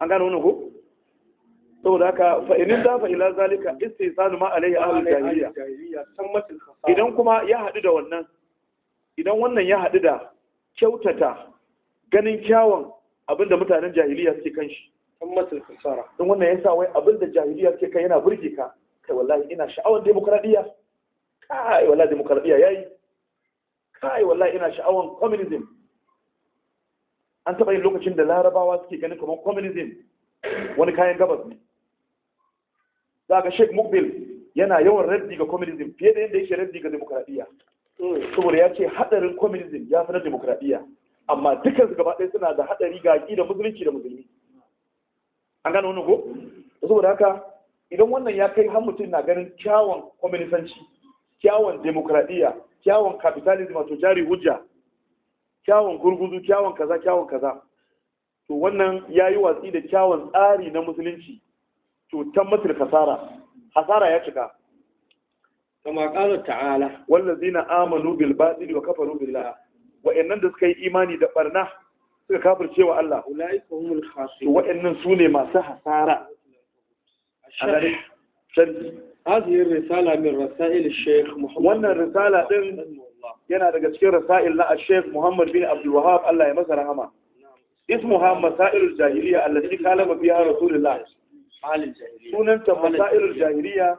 an gano wannan ko saboda haka fa in da fa ila zalika istihsanu ma alayhi ahlul jahiliya idan kuma ya hadu da wannan idan wannan ya hadu da kyautata ganin kyawun abinda mutanen jahiliya suke kan shi tammatul khasara dan wannan yasa wai abinda jahiliya suke kai yana burge ka kai wallahi ina sha'awar demokradiyya kai wallahi demokradiyya yayi kai wallahi ina sha'awar communism an taɓa yin lokacin da larabawa suke ganin kamar communism wani kayan gabas ne za Sheikh sheik mukbil yana yawan raddi ga communism fiye da yadda yake raddi ga demokradiyya hmm. saboda ya ce hadarin communism ya fi na demokradiyya amma dukkan su gaba suna da hadari ga da musulunci da musulmi an gane wannan ko saboda haka idan wannan ya kai har mutum na ganin kyawun kwaminisanci kyawun demokradiyya kyawun capitalism wato jari hujja kyawun gurguzu kyawun kaza kyawun kaza to wannan ya yi watsi da kyawun tsari na musulunci to tammatul kasara hasara ya cika kama qala ta'ala wallazina amanu bil batili wa kafaru billah wa'annan da suka yi imani da barna suka kafirce wa Allah ulaika humul khasirun wa'annan sune masu hasara risala min الرسالة من رسائل Muhammad. Wannan risala الرسالة yana daga cikin rasa'il na Sheikh Muhammad bin Abdul Wahhab Allah ya masa rahama ismuha masailul jahiliya allati kalama fiha Rasulullah sunanta masailul jahiliya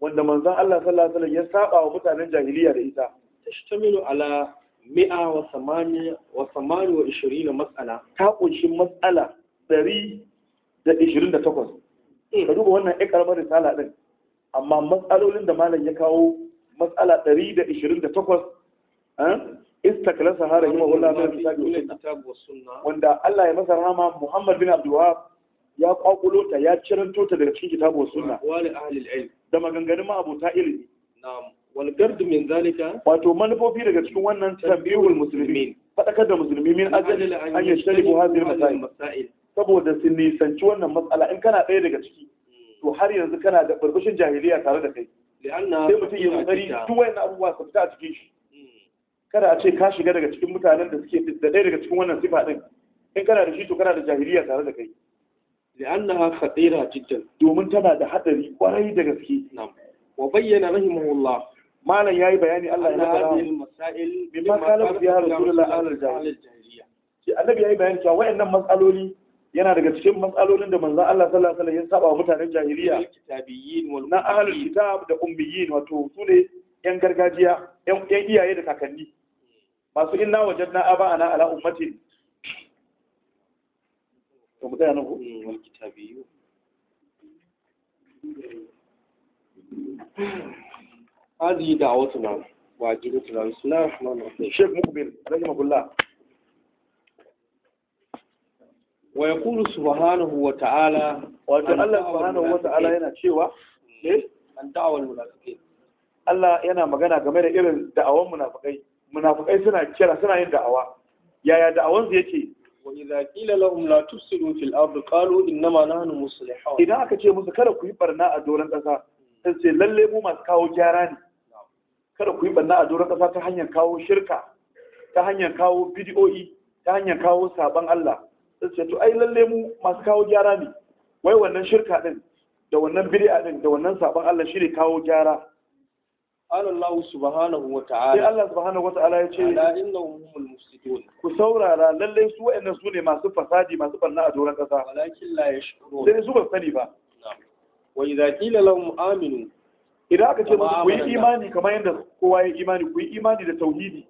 wanda manzon Allah sallallahu alaihi wasallam ya saba wa mutanen jahiliya da ita tashtamilu ala mi'a wa samani wa samani wa ishirina mas'ala ta kunshi mas'ala ɗari da ishirin da takwas hmm. ka duba wannan ya karamar risala din amma matsalolin da malam ya kawo matsala ɗari da ishirin da takwas istakla sahara yi ma'ula mai kitabu wanda Allah ya masa rahama Muhammad bin Abdul ya kwakulo ta ya ciranto ta daga cikin kitabu sunna wal ahli ilm da maganganun ma'abota ilimi na'am wal gard min zalika wato manufofi daga cikin wannan tambihul muslimin fadakar da musulmi min ajali an bu hadhihi masail saboda su nisanci wannan matsala in kana ɗaya daga ciki hmm. to har yanzu kana da burbushin jahiliya tare da kai sai mutum ya kokari duk wayannan abubuwa su fita a cikin shi hmm. kada a ce ka shiga daga cikin mutanen da suke da ɗaya daga cikin wannan sifa ɗin, in kana da shi to kana da jahiliya tare da kai لأنها خطيرة جدا دومن تنا ده حدري وراي ده غسكي نعم وبين رحمه الله ما لا ياي بياني الله أن هذه المسائل مما قال فيها رسول الله أهل الجاهلية النبي ياي بياني cewa wayannan matsaloli yana daga cikin matsalolin da manzo Allah sallallahu alaihi wasallam ya saba wa mutanen jahiliya na ahlul kitab da ummiyin wato su ne yan gargajiya yan iyaye da kakanni masu inna wajadna aba'ana ala ummatin ba mu tsaya nan ko mm, wal kitabiyu suna. دعوتنا وعقيدتنا بسم الله الرحمن الرحيم Wa ya رحمه الله ويقول سبحانه وتعالى Allah, الله سبحانه وتعالى yana cewa mm. eh an da'awal munafiqin Allah yana magana game da irin da'awan munafikai munafikai suna kira suna yin da'awa yaya da'awan su yake وإذا قيل لهم لا تفسدوا في الأرض قالوا إنما نحن مصلحون إذا aka ce musu kada ku yi barna a doron ƙasa sai ce lalle mu masu kawo gyara ne kada ku yi barna a doron ƙasa ta hanyar kawo shirka ta hanyar kawo bidiyoyi ta hanyar kawo saban Allah sai ce to ai lalle mu masu kawo gyara ne wai wannan shirka ɗin, da wannan bid'a ɗin, da wannan saban Allah shi ne kawo gyara قال الله سبحانه وتعالى sai Allah subhanahu wataala ya ce la ku saurara lalle su wa'annan ne masu fasadi masu barna a doron kasa walakin la yashkurun sai su ba sani ba wa idza qila lahum aminu idan aka ce musu ku imani kamar yadda kowa ya imani ku imani da tauhidi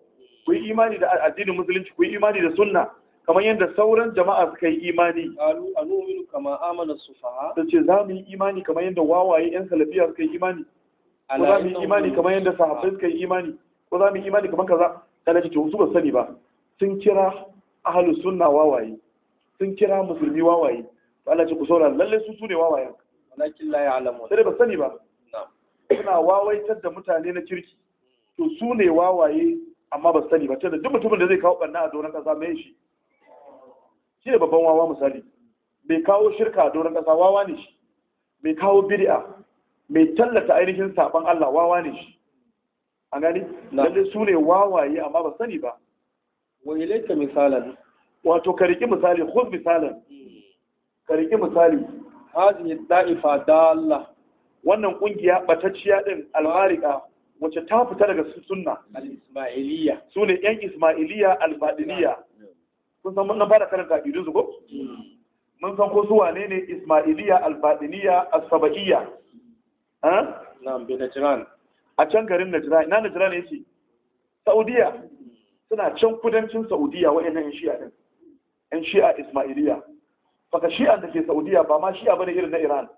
ku imani da addinin musulunci ku yi imani da sunna kamar yadda sauran jama'a suka yi imani qalu anu'minu kama amana sufaha sai ce za mu yi imani kamar yadda wawaye yan salafiya suka yi imani ko za mu yi imani kamar yadda sahabbai suka yi imani ko za mu yi imani kamar kaza kana ce su ba sani ba sun kira ahlus sunna wawaye sun kira musulmi wawaye to Allah ce ku saurara lalle su ne wawayen walakin la ya'lamun sai ba sani ba suna wawaitar da mutane na kirki to su ne wawaye amma ba sani ba tunda duk mutumin da zai kawo banna a doron kasa mai shi shi ne babban wawa misali bai kawo shirka a doron kasa wawa ne shi bai kawo bid'a mai tallata ainihin saban Allah wawa ne shi an gani lalle su ne wawaye amma ba sani ba wa ilaika misalan wato ka riki misali khudh misalan ka riki misali hazihi da'ifa dalla wannan kungiya batacciya din almarika wacce ta fita daga sunna al-ismailiyya su ne yan ismailiyya al-badiliya kun san mun fara karanta idin su ko mm. mun san ko su wane ne ismailiyya al-badiliya as-sabaiyya ha na'am bi a can garin najran ina ne yake saudiya hmm. suna can kudancin saudiya wa'annan yan shi'a din yan shi'a ismailiya faka shi'a da ke saudiya ba ma shi'a bane irin na iran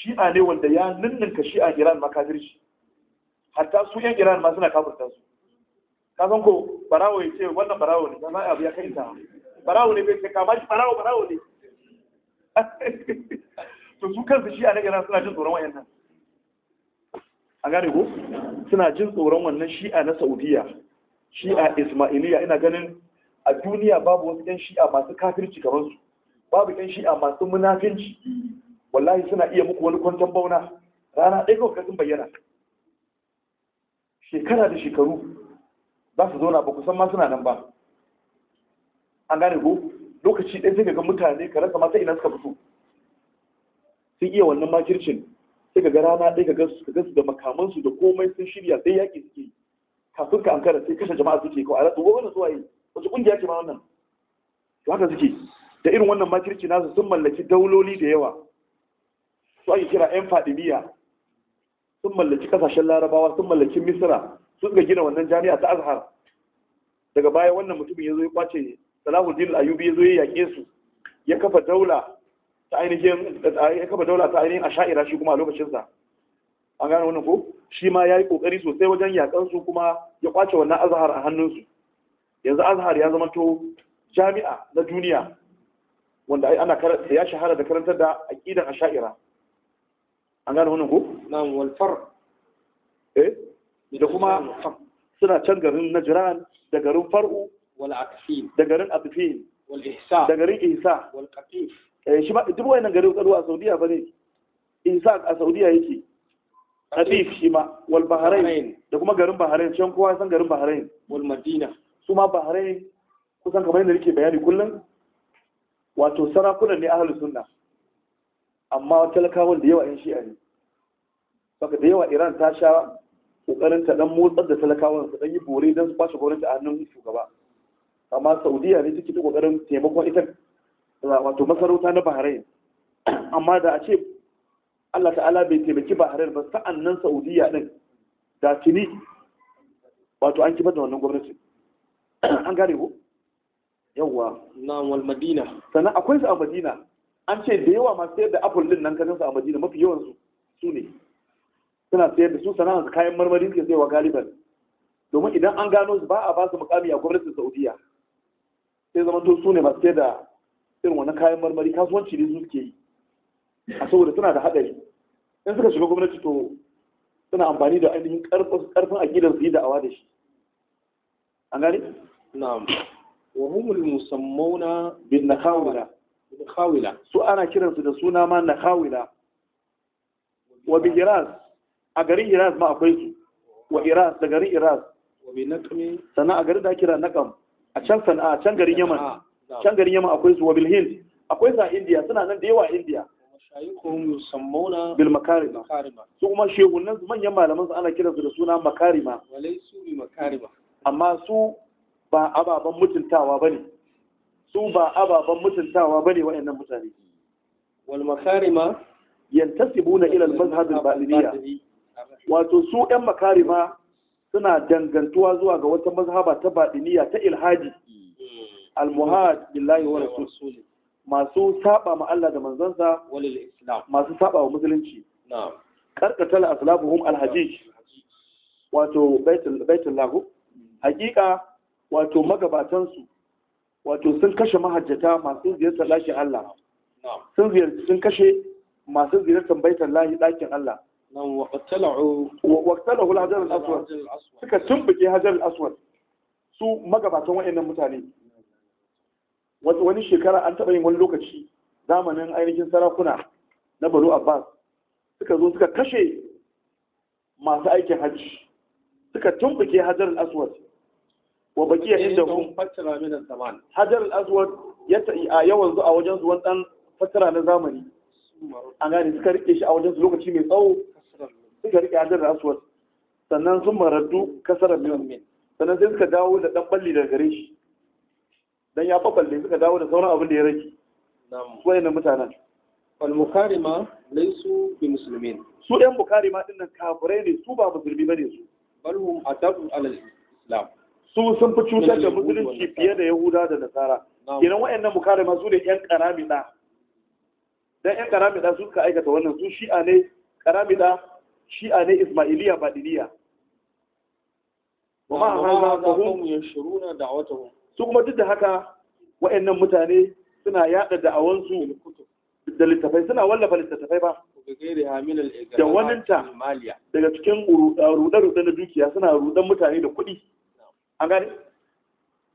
shi'a ne wanda ya ninninka shi'a iran ma kafirci hatta su yan iran ma suna kafirta su ka san ko barawo ya ce wannan barawo ne zama abu ya kai ta barawo ne bai kama shi barawo barawo ne to su kansu shi'a na iran suna jin tsoron wayannan an gane ko suna jin tsoron wannan shi'a na saudiya shi'a ismailiya ina ganin a duniya babu wasu yan shi'a masu kafirci kamar su babu yan shi'a masu munafinci wallahi suna iya muku wani kwanton bauna rana ɗaya kawai kasin bayyana shekara da shekaru za su zauna ba kusan ma suna nan ba an gane ko lokaci ɗaya sai ga mutane ka rasa mata ina suka fito sun iya wannan makircin sai ga rana ɗaya ka ga su da makamansu da komai sun shirya sai yaƙi suke kafin ka ankara sai kashe jama'a suke kawai a rasu wani zuwa yi wace ƙungiya ce ma wannan to haka suke da irin wannan makirci nasu sun mallaki dauloli da yawa su ake kira yan fadiliya sun mallaki ƙasashen larabawa sun mallaki misira sun ga gina wannan jami'a ta azhar daga baya wannan mutumin ya zo ya kwace salahuddin ayubi ya zo ya yaƙe su ya kafa daula ta ainihin ya kafa daula ta ainihin asha'ira shi kuma a lokacinsa an gane wannan ko shi ma ya yi ƙoƙari sosai wajen yaƙansu kuma ya ƙwace wannan azahar a hannunsu yanzu azahar ya zama to jami'a na duniya wanda ana karanta ya shahara da karantar da aqidan asha'ira an gane wannan ko nan wal far eh da kuma suna can garin najran da garin far'u wal aqfin da garin aqfin wal ihsa da garin ihsa wal qaqif Eh, shi ma duk wayannan gari tsaro a Saudiya ba ne Isa a Saudiya yake Qatif shi ma wal Bahrain da kuma garin Bahrain can kowa san garin Bahrain wal Madina su ma Bahrain kusan kamar yadda nake bayani kullum wato sarakunan ne ahlus sunna amma talakawan da yawa yan shi'a ne saka da yawa Iran ta sha kokarin ta dan motsar da talakawan su dan yi bore dan su kwashe gwamnati a hannun shugaba amma Saudiya ne take ta kokarin taimakon ita wato masarauta na bahrain amma da a ce allah ta'ala bai taimaki bahrain ba sa'an nan saudiya din da tuni wato an kifar da wannan gwamnati an gane ko yawwa na wal madina sannan akwai su a madina an ce da yawa masu sayar da apple din nan kasan su a madina mafi yawan su su ne suna sayar da su sana'a su kayan marmari suke sayarwa galiban domin idan an gano su ba a ba su mukami a gwamnatin saudiya sai zama to su ne masu sayar da irin wannan kayan marmari kasuwanci ne su suke yi a saboda suna da haɗari in suka shiga gwamnati to suna amfani da ainihin karfin akidar su yi da'awa da shi an gani na'am wa humul bin nakawila kawila su ana kiransu da suna ma na kawila, wa bi iras, a garin iras ma akwai su wa iras da garin iras sannan a garin da kira nakam a can sana'a a can garin yaman can garin yamma akwai su wabil hind akwai su a indiya suna nan da yawa a indiya bil makarima su kuma shehunan manyan malaman su ana kiransu da suna makarima amma su ba ababen mutuntawa ba ne su ba ababen mutuntawa ba ne waɗannan mutane wal makarima yantasibuna ila al ilal mazhabin batiniyya wato su 'yan makarima suna dangantuwa zuwa ga wata mazhaba ta baɗiniya ta ilhaji al-muhad billahi wa rasuli masu saba ma Allah da manzansa walil islam masu saba wa musulunci na'am karkatal aslabuhum al-hajij wato baitul baitul lahu hakika wato magabatan su wato sun kashe mahajjata masu ziyartar lashi Allah sun ziyarci sun kashe masu ziyartar baitul lahi dakin Allah nan waqtalahu waqtalahu al-hajar al-aswad suka tumbuke hajar al su magabatan wayannan mutane wani shekara an taɓa yin wani lokaci zamanin ainihin sarakuna na Banu Abbas suka zo suka kashe masu aikin hajji suka tumbuke Hajar al-Aswad wa baqiya eh, indahum fatara min zaman Hajar al-Aswad ya a yawan zuwa wajen zuwan dan fatara na zamani an gane suka rike shi a wajen su lokaci mai tsawo suka rike Hajar al-Aswad sannan sun maraddu kasarar min sannan sai suka dawo da dan balli daga gare shi dan ya baballe suka dawo da sauran abin da ya rage su wayannan mutanen wal mukarima laysu bi muslimin su ɗan mukarima din nan kafirai ne su ba musulmi bane su bal hum atabu ala islam su sun fi cutar da musulunci fiye da yahuda da nasara idan wayannan mukarima su ne yan karamida dan yan karamida su ka aikata wannan su shi'a ne karamida shi'a ne ismailiya badiliya wa ma hadha fa hum yashruna da'watahum su kuma duk da haka wa'annan mutane suna yada da'awansu da littafai suna wallafa littattafai ba da waninta daga cikin rudar-rudar na dukiya suna ruɗen mutane da kuɗi an gane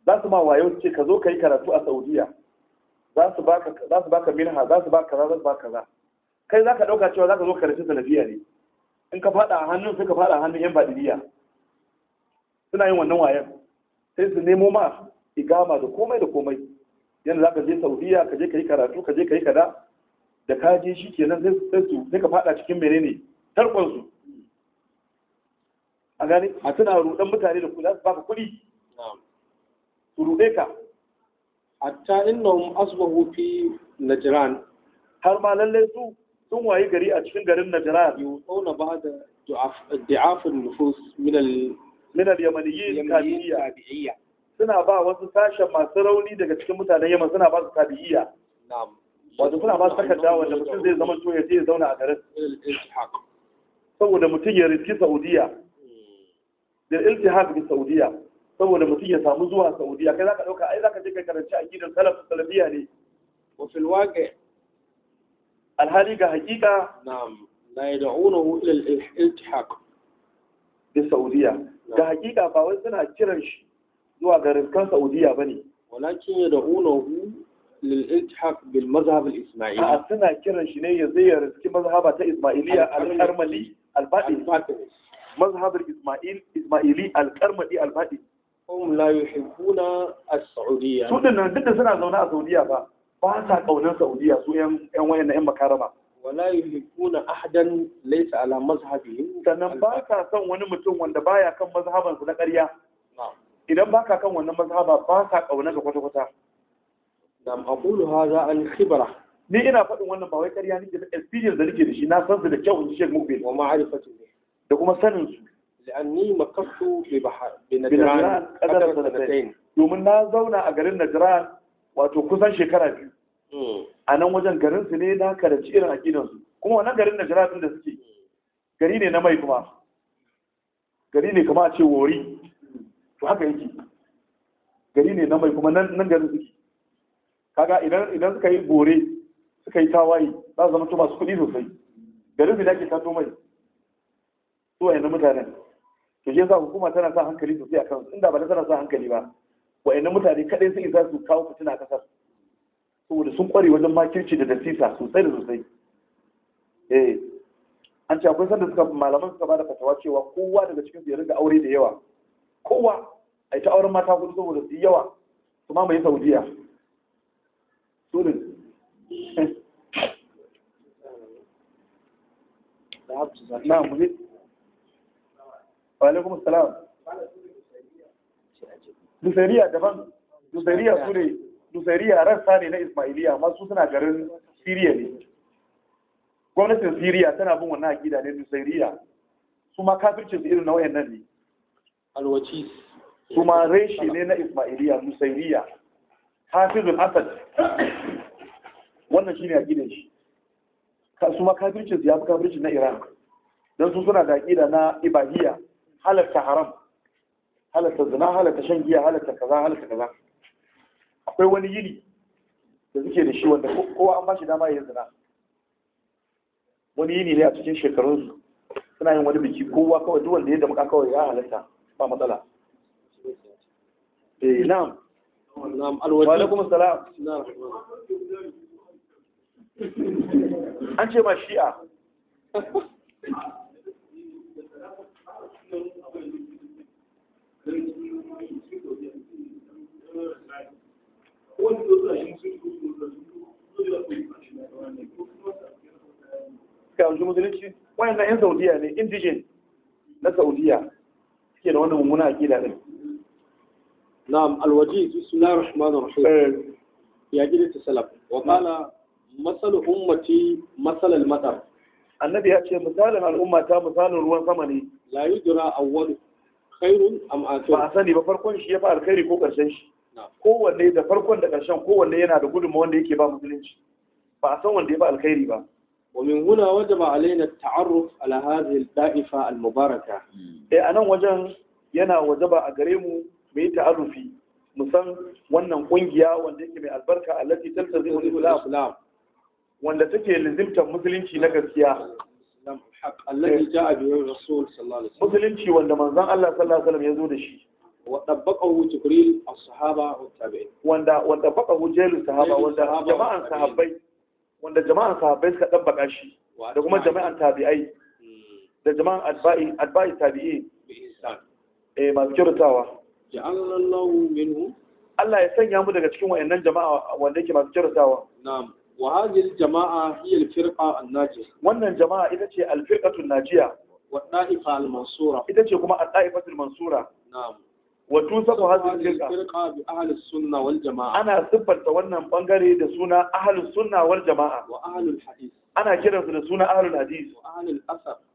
za su ma wayo ce ka zo ka yi karatu a saudiya za su baka minha za su baka za su baka kaza kai za ka ɗauka cewa za ka zo karatun sanadiyya ne in ka faɗa a hannun sai ka faɗa a hannun yan badiriya suna yin wannan wayan sai su nemo ma igama da komai da komai yanda za ka je saudiya ka je ka yi karatu ka je ka yi kada da ka je shi kenan sai su sai ka fada cikin menene tarkon su a gane a tana rudan mutane da kuɗi za su baka kuɗi su rude ka hatta innahum asbahu fi najran har ma lallai su sun wayi gari a cikin garin najran yusawna ba'da du'af du'af an-nufus min al min al-yamaniyyin suna ba wasu sashen masu rauni daga cikin mutanen yamma, suna ba su tabi'iyya wato suna ba su takarda wanda mutum zai zama to ya je ya zauna a garin saboda mutum ya riski Saudiya da hmm. iltihaq bi Saudiya saboda mutum ya samu zuwa Saudiya kai zaka dauka ai zaka je kai karanci a salaf salafiya ne wa fil waqi' alhali ga hakika na'am la ila al-iltihaq bi Saudiya ga hakika ba wai suna kiran shi zuwa ga rizkan Saudiya ba ne. Walakin ya bil mazhab al-Isma'ili. A suna kiran shi ne ya zai ya riski mazhaba ta Ismailiya al-Karmali al-Fadi. Mazhab al-Isma'il Ismaili al-Karmali al-Fadi. Hum la yuhibbuna saudiyya Su duk da suna zaune a Saudiya ba ba sa kaunar Saudiya su yan yan wayannan yan makarama. wala yuhibbuna ahadan laysa ala mazhabihim sannan ba sa son wani mutum wanda baya kan mazhabansu na ƙarya idan baka kan wannan mazhaba ba sa kauna ga kwata-kwata da aqulu hadha an khibra ni ina faɗin wannan ba wai ƙarya nake da experience da nake da shi na san su da kyau in Sheikh Mukbil wa ma'arifatu da kuma sanin su لأني مكثت بنجران da سنتين domin na zauna a garin Najran wato kusan shekara biyu hmm. a nan wajen garin su ne na karanci irin aqidan su kuma wannan garin Najran din da suke gari ne na mai kuma gari ne kamar a ce wori to haka yake gari ne na mai kuma nan garin suke kaga idan suka yi bore suka yi tawaye za su zama to masu kuɗi sosai garin su dake tato mai su wayannan mutanen to shi yasa hukuma tana sa hankali sosai a kansu inda ba ta tana sa hankali ba wayannan mutane kaɗai sai za su kawo fitina a kasar saboda sun kware wajen makirci da dasisa sosai da sosai eh an ce akwai sanda suka malaman suka bada fatawa cewa kowa daga cikin su ya rinka aure da yawa kowa a yi ta auren mata kudu saboda su yawa su ma mai saudiya surin na muje alaikum salam dusariya daban dusariya su ne dusariya rassa ne na ismailiya masu suna garin siriya ne gwamnatin siriya tana bin wannan akida ne dusariya su ma kafircin su irin na nan ne alwacis kuma reshe ne na ismailiya musairiya Hafizun asad wannan shine gidan shi su ma kafircin su fi kafircin na iran don su suna da aqida na ibahiyya halatta haram halatta zina halatta shan giya halatta kaza halatta kaza akwai wani yini da suke da shi wanda kowa an bashi dama ya zina wani yini ne a cikin shekarunsu suna yin wani biki kowa kawai duwanda wanda da muka kawai ya halatta إيه. نعم نعم وعليكم السلام نعم أنت ما الشيعة كان جمهوريتي وين عندنا سعودية يعني إنديجين لا سعودية suke da wannan mummuna aqida din na'am alwaji suna rahmanir rahim eh. ya gidi ta salaf wa kala masal ummati masal al matar annabi ya ce misalin al'umma ta misalin ruwan sama ne la yudra awwalu khairun am akhir ba a sani ba farkon shi ya fa alkhairi ko karshen shi kowanne da farkon da karshen kowanne yana da gudunmawa wanda yake ba musulunci ba a san wanda ya fi alkhairi ba ومن هنا وجب علينا التعرف على هذه الطائفة المباركة إيه أنا وجن ينا وجب أقريمو مي تعرفي مسان wannan kungiya wanda yake mai albarka allati taltazimu al-islam wanda take lazimtar musulunci na gaskiya eh. musulunci wanda manzon Allah sallallahu ya zo da shi وطبقه جبريل الصحابة والتابعين وندا وطبقه جيل الصحابة جماعة الصحابين wanda jama'an sahabbai suka dabbaka shi da kuma jama'an tabi'ai hmm. da jama'an adba'i adba'i tabi'i eh masu kyautatawa ja'alna Allahu minhum Allah ya sanya mu daga cikin wayannan jama'a wanda yake masu kyautatawa na'am wa hadhihi jama'a hiya al-firqa an-najiyah wannan jama'a ita ce al-firqatu an-najiyah wa da'ifa al-mansura ita ce kuma al-da'ifatu al-mansura na'am wato sabu hazin jirka bi ahlus sunna wal jama'a wannan bangare da suna ahlus sunna jama'a ana kiransu da suna ahlul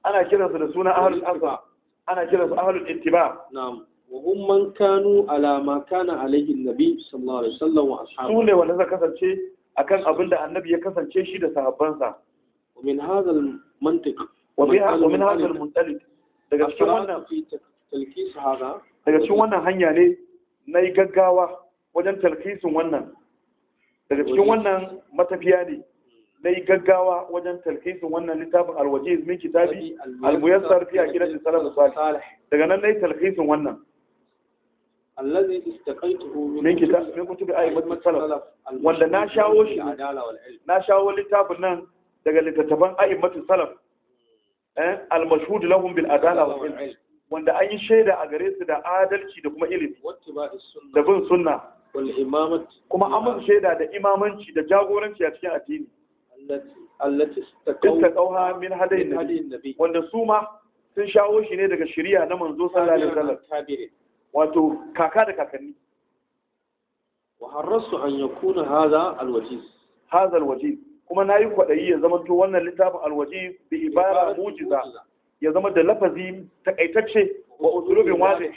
ana kiransu da suna ahlul ana kiransu ahlul ittiba na'am kanu ala ma kana nabi sallallahu wa ashabu kasance akan abin da annabi ya kasance shi da sahabbansa daga cikin wannan hanya ne na yi gaggawa wajen talkisin wannan daga cikin wannan matafiya ne na yi gaggawa wajen talkisin wannan littafin alwaje min kitabi almuyassar a gidan salaf salih daga nan na yi talkisin wannan min kitabi min kutubi ayyibat salaf wanda na shawo shi na shawo littafin nan daga littattafan ayyibat salaf eh, al-mashhud lahum bil adala wal wanda an yi shaida a gare su da adalci da kuma ilimi da bin sunna kuma an musu shaida da imamanci da jagoranci a cikin addini ta kauha min hadayin nabi wanda su ma sun shawo shi ne daga shari'a na manzo sallallahu alaihi wasallam wato kaka da kakanni wa harasu an yakuna hadha alwajiz hadha alwajiz kuma nayi kwadayi ya zama to wannan littafin alwajiz bi ibara mujiza ya zama da lafazi takaitacce wa usulubi wazih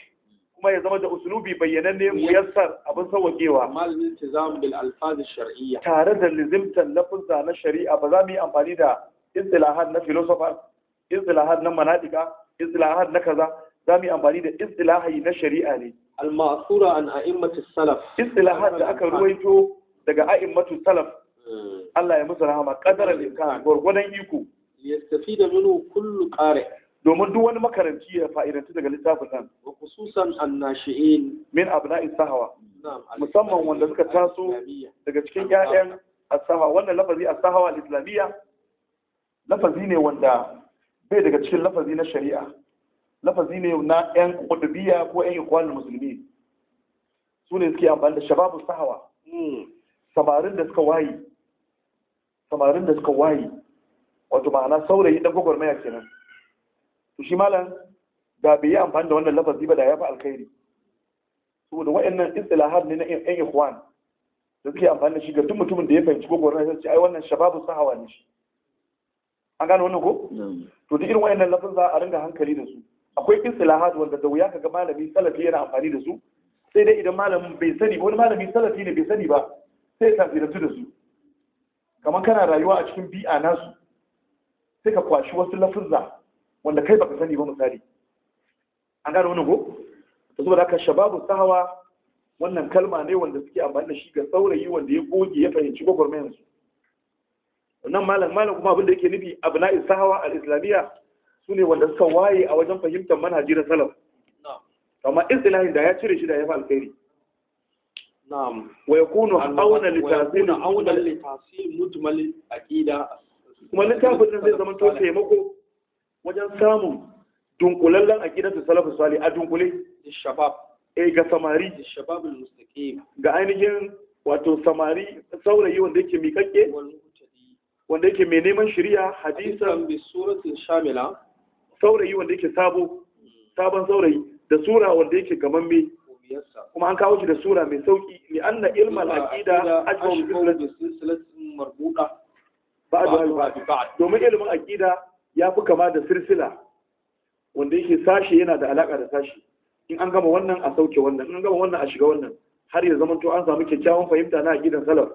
kuma ya zama da usulubi bayyananne muyassar abin sawagewa mal tare da lizimtan lafuzza na shari'a ba za mu yi amfani da istilahat na philosopher istilahat na manadika istilahat na kaza za mu yi amfani da istilahai na shari'a ne al ma'thura an a'immatis salaf istilahat da aka ruwaito daga a'immatu salaf hmm. Allah ya musu rahama qadara al-imkan gurgudan iko yastafida minhu kullu qari domin duk wani makaranci ya fa'idanci daga littafin nan wa khususan annashi'in min abna'i sahawa musamman wanda suka taso daga cikin ƴaƴan asahawa wannan lafazi asahawa al-islamiyya lafazi ne wanda bai daga cikin lafazi na shari'a lafazi ne na ƴan qudbiyya ko ƴan ikhwanul musulmi. su ne suke amfani da shababu sahawa samarin da suka waye samarin da suka wayi. wato ma'ana saurayi dan gwagwarmaya kenan to shi malam da bai yi amfani da wannan lafazi ba da ya fi alkhairi saboda wa'annan istilahar ne na yan ikhwan da suke amfani da shi ga duk mutumin da ya fahimci gwagwarmaya sai ce ai wannan shababu sahawa ne shi an gane wannan ko to duk irin wa'annan za a ringa hankali da su akwai istilahar wanda da wuya kaga malami salafi yana amfani da su sai dai idan malamin bai sani wani malami salafi ne bai sani ba sai ya tafi da su kamar kana rayuwa a cikin bi'a nasu sai ka kwashi wasu lafuzza wanda kai baka sani ba misali an gane wani ko ta zuba da haka shababu sahawa wannan kalma ne wanda suke amfani da shi ga saurayi wanda ya goge ya fahimci gwagwarmayan su wannan malam malam kuma abin da yake nufi abna'i sahawa al-islamiyya ne wanda suka waye a wajen fahimtar manhaji na salaf amma istilahin da ya cire shi da ya fi alkhairi na'am wa yakunu auna litasin auna litasin mutmal aqida kuma littafin nan zai zama ya taimako wajen samun dunkulallen su Salafu Sali a dunkule shabab eh ga samari mustaqim ga ainihin wato samari saurayi wanda yake miƙaƙƙe wanda yake mai neman shari'a hadisa, bi suratin shamila saurayi wanda yake sabo hmm. sabon saurayi da sura wanda yake gaman me kuma an kawo shi da sura mai sauki li anna ilmal aqida ajwa bi silsilatin marbuta ba'adu ba'ad domin ilimin aqida ya fi kama da silsila wanda yake sashi yana da alaka da sashi in an gama wannan a sauke wannan in an gama wannan a shiga wannan har ya zama an samu kyakkyawan fahimta na aqidan salaf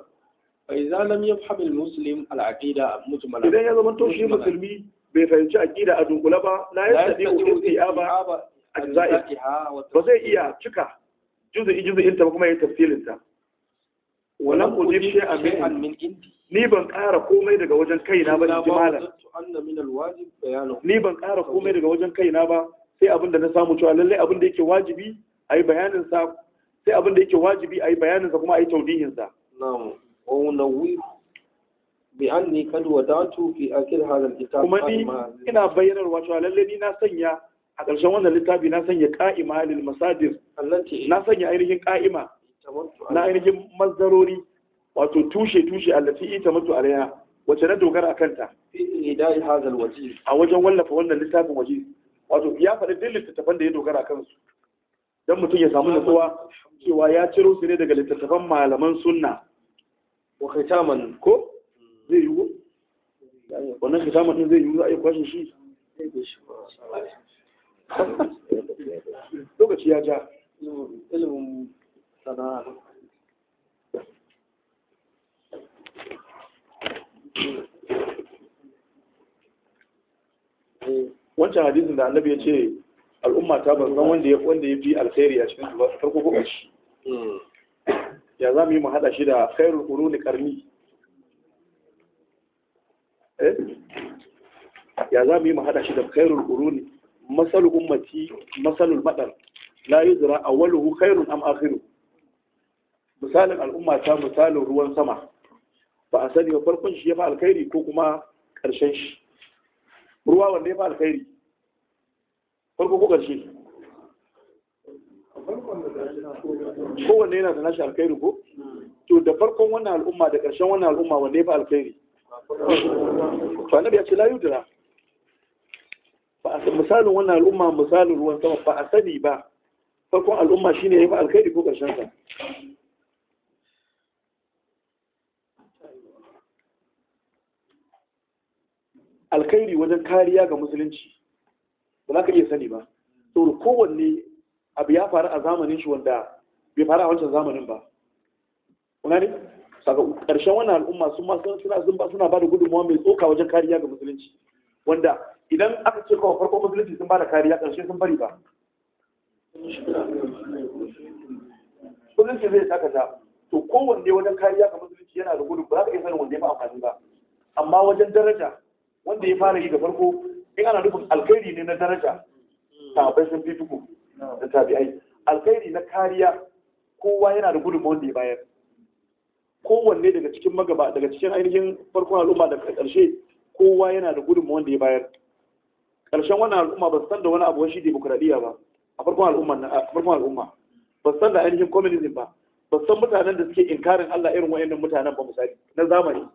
fa idza lam yafham al muslim al aqida mujmala idan ya zama to shi musulmi bai fahimci aqida a dunkula ba la yastati'u istiaba ajza'iha ba zai iya cika juzu'i juzu'in ta kuma ya tafsilin min indi ni ban ƙara komai daga wajen kaina ba ji malam ni ban ƙara komai daga wajen kaina ba sai abin da na samu cewa lallai abin da yake wajibi a yi bayanin sa sai abin da yake wajibi a yi bayanin sa kuma a yi taudihin sa na'am wa bi anni kad wada'tu fi akhir hadha al-kitab kuma ni ina bayyanarwa cewa lallai ni na sanya a ƙarshen wannan littafi na sanya ƙa'ima lil masadir na sanya ainihin ƙa'ima na ainihin mazdarori wato tushe tushe allati ita mutu alaiha wace na dogara a kanta a wajen wallafa wannan littafin waje wato ya faɗi duk littattafan da ya dogara a kansu dan mutum ya samu nutsuwa cewa ya ciro su ne daga littattafan malaman sunna wa khitaman ko zai yiwu wannan khitaman din zai yiwu za a yi kwashe shi lokaci ya ja ilimin sana'a wancan hadisin da annabi ya ce al'umma ta ban san wanda ya wanda ya fi alkhairi a cikin ba farko ko shi ya za mu yi mu haɗa shi da khairul quruni qarni eh ya za mu yi mu haɗa shi da khairul quruni masalul ummati masalul badar la yuzra awwaluhu khairun am akhiru misalin al'umma ta misalin ruwan sama ba a sani ba farkon shi ya fi alkhairi ko kuma karshen shi ruwa wanda ya fi alkhairi farko ko ko kowanne yana da nashi alkhairi ko to da farkon wannan al'umma da karshen wannan al'umma wanda ya fi alkhairi to na ya ce la yudra ba a misalin wannan al'umma misalin ruwan sama ba a sani ba farkon al'umma shine ya fi alkhairi ko karshen sa alkhairi wajen kariya ga musulunci ba za ka iya sani ba saboda kowanne abu ya faru a zamanin shi wanda bai faru a wancan zamanin ba kuna ne saka ƙarshen wannan al'umma sun ma suna sun ba suna da gudunmawa mai tsoka wajen kariya ga musulunci wanda idan aka ce kawai farko musulunci sun bada kariya ƙarshe sun bari ba musulunci zai takata to kowanne wajen kariya ga musulunci yana da gudun ba za ka iya sanin wanda ya fi amfani ba amma wajen daraja wanda ya fara yi da farko in ana nufin alkhairi ne na daraja sahabbai sun fi duku da tabi'ai alkhairi na kariya kowa yana da gudunmawar wanda ya bayar kowanne daga cikin magaba daga cikin ainihin farkon al'umma da ƙarshe kowa yana da gudunmawar wanda ya bayar ƙarshen wannan al'umma ba su san da wani abu shi demokuraɗiyya ba a farkon al'umma a farkon al'umma ba su san da ainihin communism ba ba su san mutanen da suke inkarin Allah irin wayannan mutanen ba misali na zamani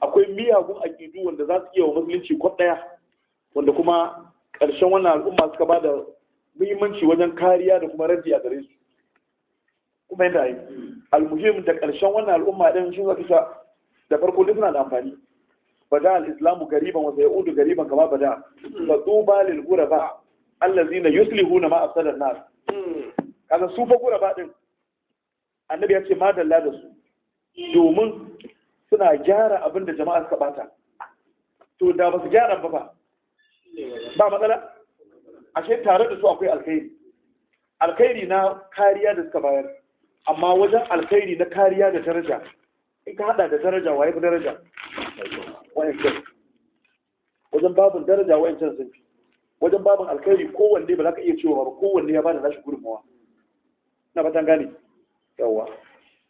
akwai miyagun aƙidu wanda za su iya wa musulunci kwat ɗaya wanda kuma ƙarshen wannan al'umma suka ba da muhimmanci wajen kariya da kuma raddi a gare su kuma yadda ai almuhim da ƙarshen wannan al'umma ɗin shi zaka sa da farko duk suna da amfani bada da Al'islamu gariban wa udu gariban kama bada fa tuba lil ghuraba allazina yuslihuna ma afsada an-nas kaga su fa ghuraba din annabi ya ce madalla da su domin suna gyara abin da jama'a suka bata to da ba su gyara ba ba ba matsala ashe tare da su akwai alkhairi alkhairi na kariya da suka bayar amma wajen alkhairi na kariya da daraja in ka hada da daraja waye fi daraja wayancan wajen babin daraja wayancan sun fi wajen babin alkhairi kowanne ba za ka iya cewa ba kowanne ya bada nashi gudunmawa na batan gane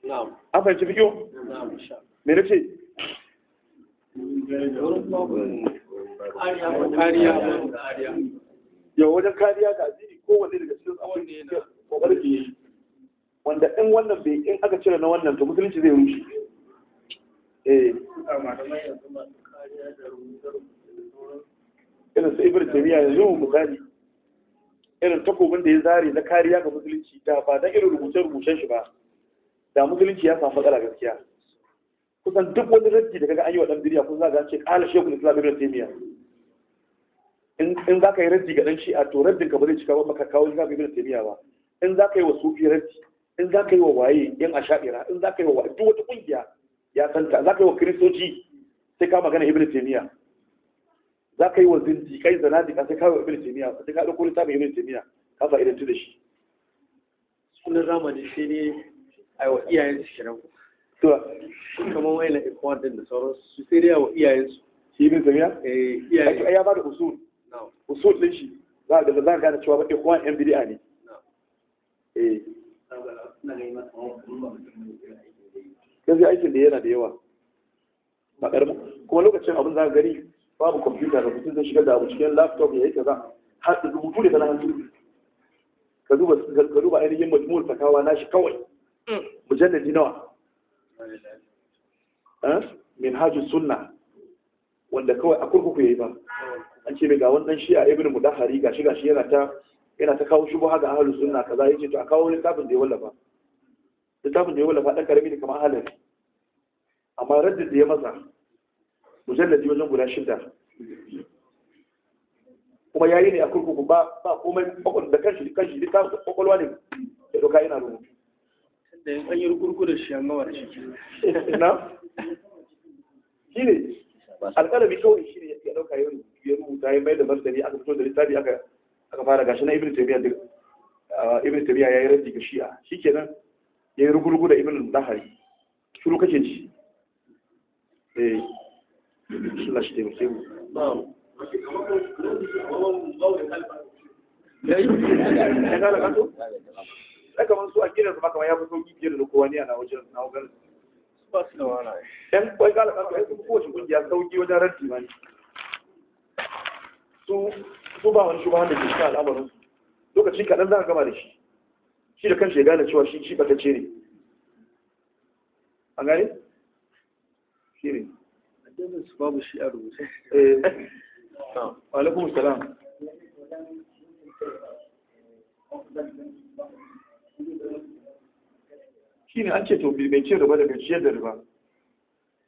na'am an fahimci fikiyo na'am insha me na ce yau wajen kariya ga addini kowanne daga cikin tsawon da kokarin da wanda in wannan bai in aka cire na wannan to musulunci zai rushe eh irin su ibn taymiya yanzu mu misali irin takobin da ya zare na kariya ga musulunci da ba da irin rubuce-rubucen shi ba da musulunci ya samu matsala gaskiya kusan duk wani raddi da kaga an yi wa ɗan biriya kun za ga ce ƙala shaykhul islam ibn taymiya in in za ka yi raddi ga ɗan shi'a to raddin ka ba zai cika ba maka kawo islam ibn taymiya ba in za ka yi wa sufi raddi in za ka yi wa waye yan asha'ira in za ka yi wa duk wata kungiya ya santa za ka yi wa kiristoci, sai ka magana ibn taymiya za ka yi wa zindiƙai zanadiƙa sai ka yi wa ibn taymiya sai ka ɗauko littafin ibn taymiya ka fa'idantu da shi sunan ramani sai ne a wa iyayen su to shi kamar wayan ikwan din da sauransu su sai dai yawa iyayensu shi bin samiya eh iyaye ya ba da usul usul din shi za ga za gane cewa ba ikwan yan bid'a ne eh yanzu aikin da yana da yawa ba ƙarfi kuma lokacin abin za gari babu kwamfuta da mutum zai shigar da abu cikin laptop ya yi kaza har da rubutu ne na hannu ka duba ainihin majmu'ul fatawa na shi kawai mm. mujalladi nawa min hajji sunna wanda kawai a kurkuku ya yi ba an ce mai ga wannan shi a ibn mudahari gashi gashi yana ta yana ta kawo shubu haka ahlus sunna kaza ce to a kawo tafin da ya wallafa littafin da ya wallafa dan karami ne kamar halari amma raddin da ya masa mujallaji wajen guda shida kuma yayi ne a kurkuku ba ba komai da kanshi kanshi littafin kwakwalwa ne da doka yana rubutu da in an yi rukurku da shi an gama shi na shi ne alƙalami kawai shi ne ya ɗauka yau ya rubuta ya mai da martani aka fito da littafi aka aka fara gashi na ibn a duk ibn taymiya yayi raddi ga shi'a shikenan yayi rukurku da ibn dahari shiru kake ji eh Allah shi taimake mu na'am ya yi ya ga sai su a gidan su kamar ya fi sauki fiye da kowa ne a wajen na wajen su da kan kai sun kowace kungiya wajen ne su ba wani shugaban da ke al'amarin lokaci kaɗan za a gama da shi shi da kanshi ya gane cewa shi shi ne a eh. alaikum salam shi ne an ce to mai cin ba da mai ciyar da riba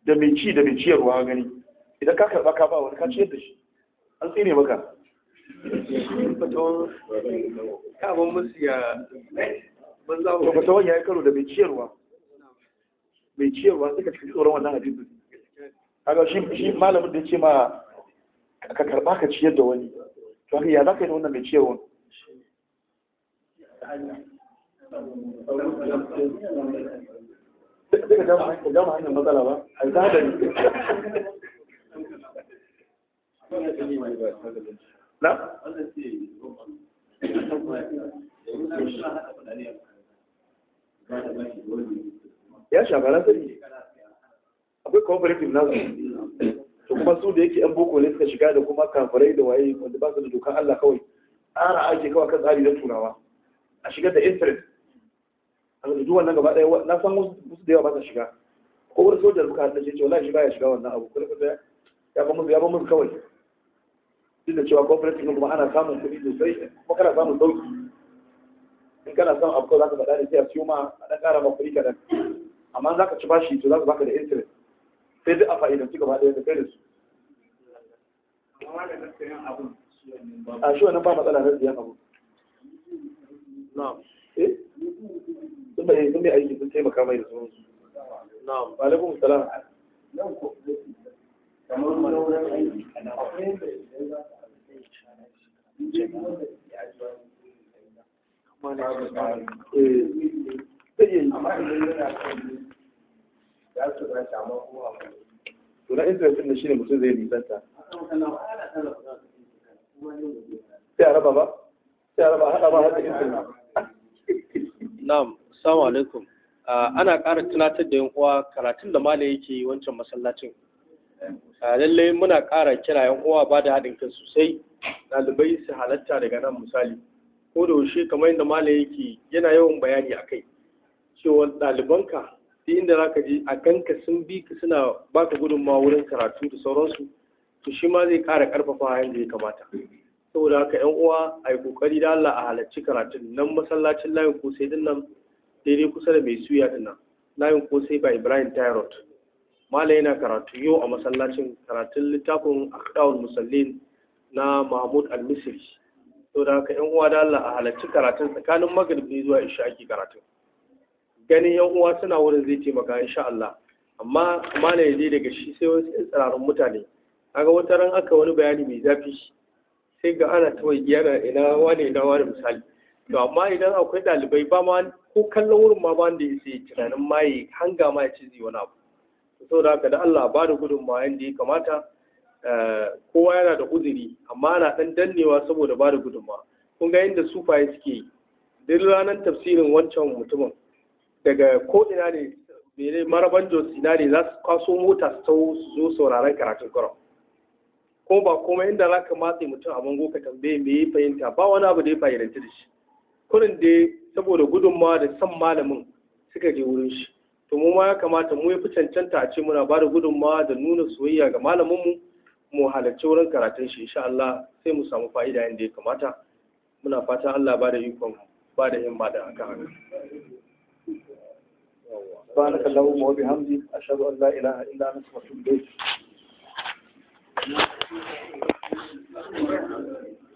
da mai ci da mai ciyarwa gani idan ka karba ka ba wani ka ciyar da shi an tsine maka kaban musu ya banza fatawan ya yi karo da mai ciyarwa mai ciyarwa suka cikin tsoron wannan hadisin kaga shi malamin da ya ce ma ka karba ka ciyar da wani to ya za ka yi wannan mai ciyarwa Duk a ta Na? Ya shafara sani. Akwai cooperative nasu. To kuma su da yake 'yan boko ne suka shiga da kuma kafirai da waye wanda ba su da dokan Allah kawai. Tsara ake kawai kan tsari na turawa. A shigar da interest a duk wannan gaba ɗaya na san wasu da yawa ba sa shiga ko wani sojan muka haɗa ce wallahi shi baya shiga wannan abu kuma kuma ya ba musu ya ba musu kawai duk da cewa gwamnati kuma ana samun kuɗi sosai kuma kana samun sauki in kana samun abu za ka faɗa ne sai a siyo ma a ɗan ƙara ma kuɗi kaɗan amma za ka ci bashi to za ka baka da interest sai duk a fa'idanci gaba ɗaya da kai da su a shi wannan ba matsala na siyan abu eh? ثم يسمى أي جنسية مكامة يسمون نعم وعليكم السلام لا تقول لي لا تقول لي لا تقول لي Assalamu alaikum. Ah, ana ƙara tunatar da yan uwa karatun da mala yake wancan masallacin. Ah, Lallai muna ƙara kira yan uwa ba da haɗin kan sosai ɗalibai su halatta daga nan misali. Ko da yaushe kamar yadda mala yake yana yawan bayani a kai. Cewa ɗalibanka duk inda za ka je a ganka sun bi ka suna baka gudunmawa wurin karatu da sauransu. To shi ma zai ƙara ƙarfafa yadda ya kamata. saboda haka yan uwa a yi ƙoƙari da Allah a halarci karatun nan masallacin layin ko sai nan daidai kusa da mai suya din nan layin ko sai ba ibrahim tyrod mala yana karatu yau a masallacin karatun littafin akdawul musallin na mahmud al-misri to da haka yan uwa da Allah a halarci karatun tsakanin magribi zuwa isha ake karatun ganin yan uwa suna wurin zai taimaka insha Allah amma mala ya daga shi sai wasu tsirarun mutane kaga wata ran aka wani bayani mai zafi sai ga ana ta yana ina wane ina wani misali to amma idan akwai ɗalibai ba ma ko kallon wurin ma bani da ya sai tunanin maye hanga ma ya ci zai wani abu saboda haka da Allah ba da ma yadda ya kamata eh, kowa yana da uzuri amma ana dan dannewa saboda ba da ma kun ga yadda sufaye suke yi duk ranar tafsirin wancan mutumin daga ko ina ne mere maraban jos ina ne za su kwaso mota su tau su zo sauraron karatun kuran ko ba komai inda za ka matse mutum a bango ka tambaye me ya fahimta ba wani abu da ya fahimta da shi kurin dai saboda gudunmawa da san malamin suka je wurin shi to mu ma ya kamata mu ya fi cancanta a ce muna ba da gudunmawa da nuna soyayya ga malaminmu mu halarci wurin karatun shi insha Allah sai mu samu fa'ida yadda ya kamata muna fatan Allah ba da ikon ba da himma da haka haka سبحانك اللهم وبحمدك أشهد أن لا إله إلا أنت أستغفرك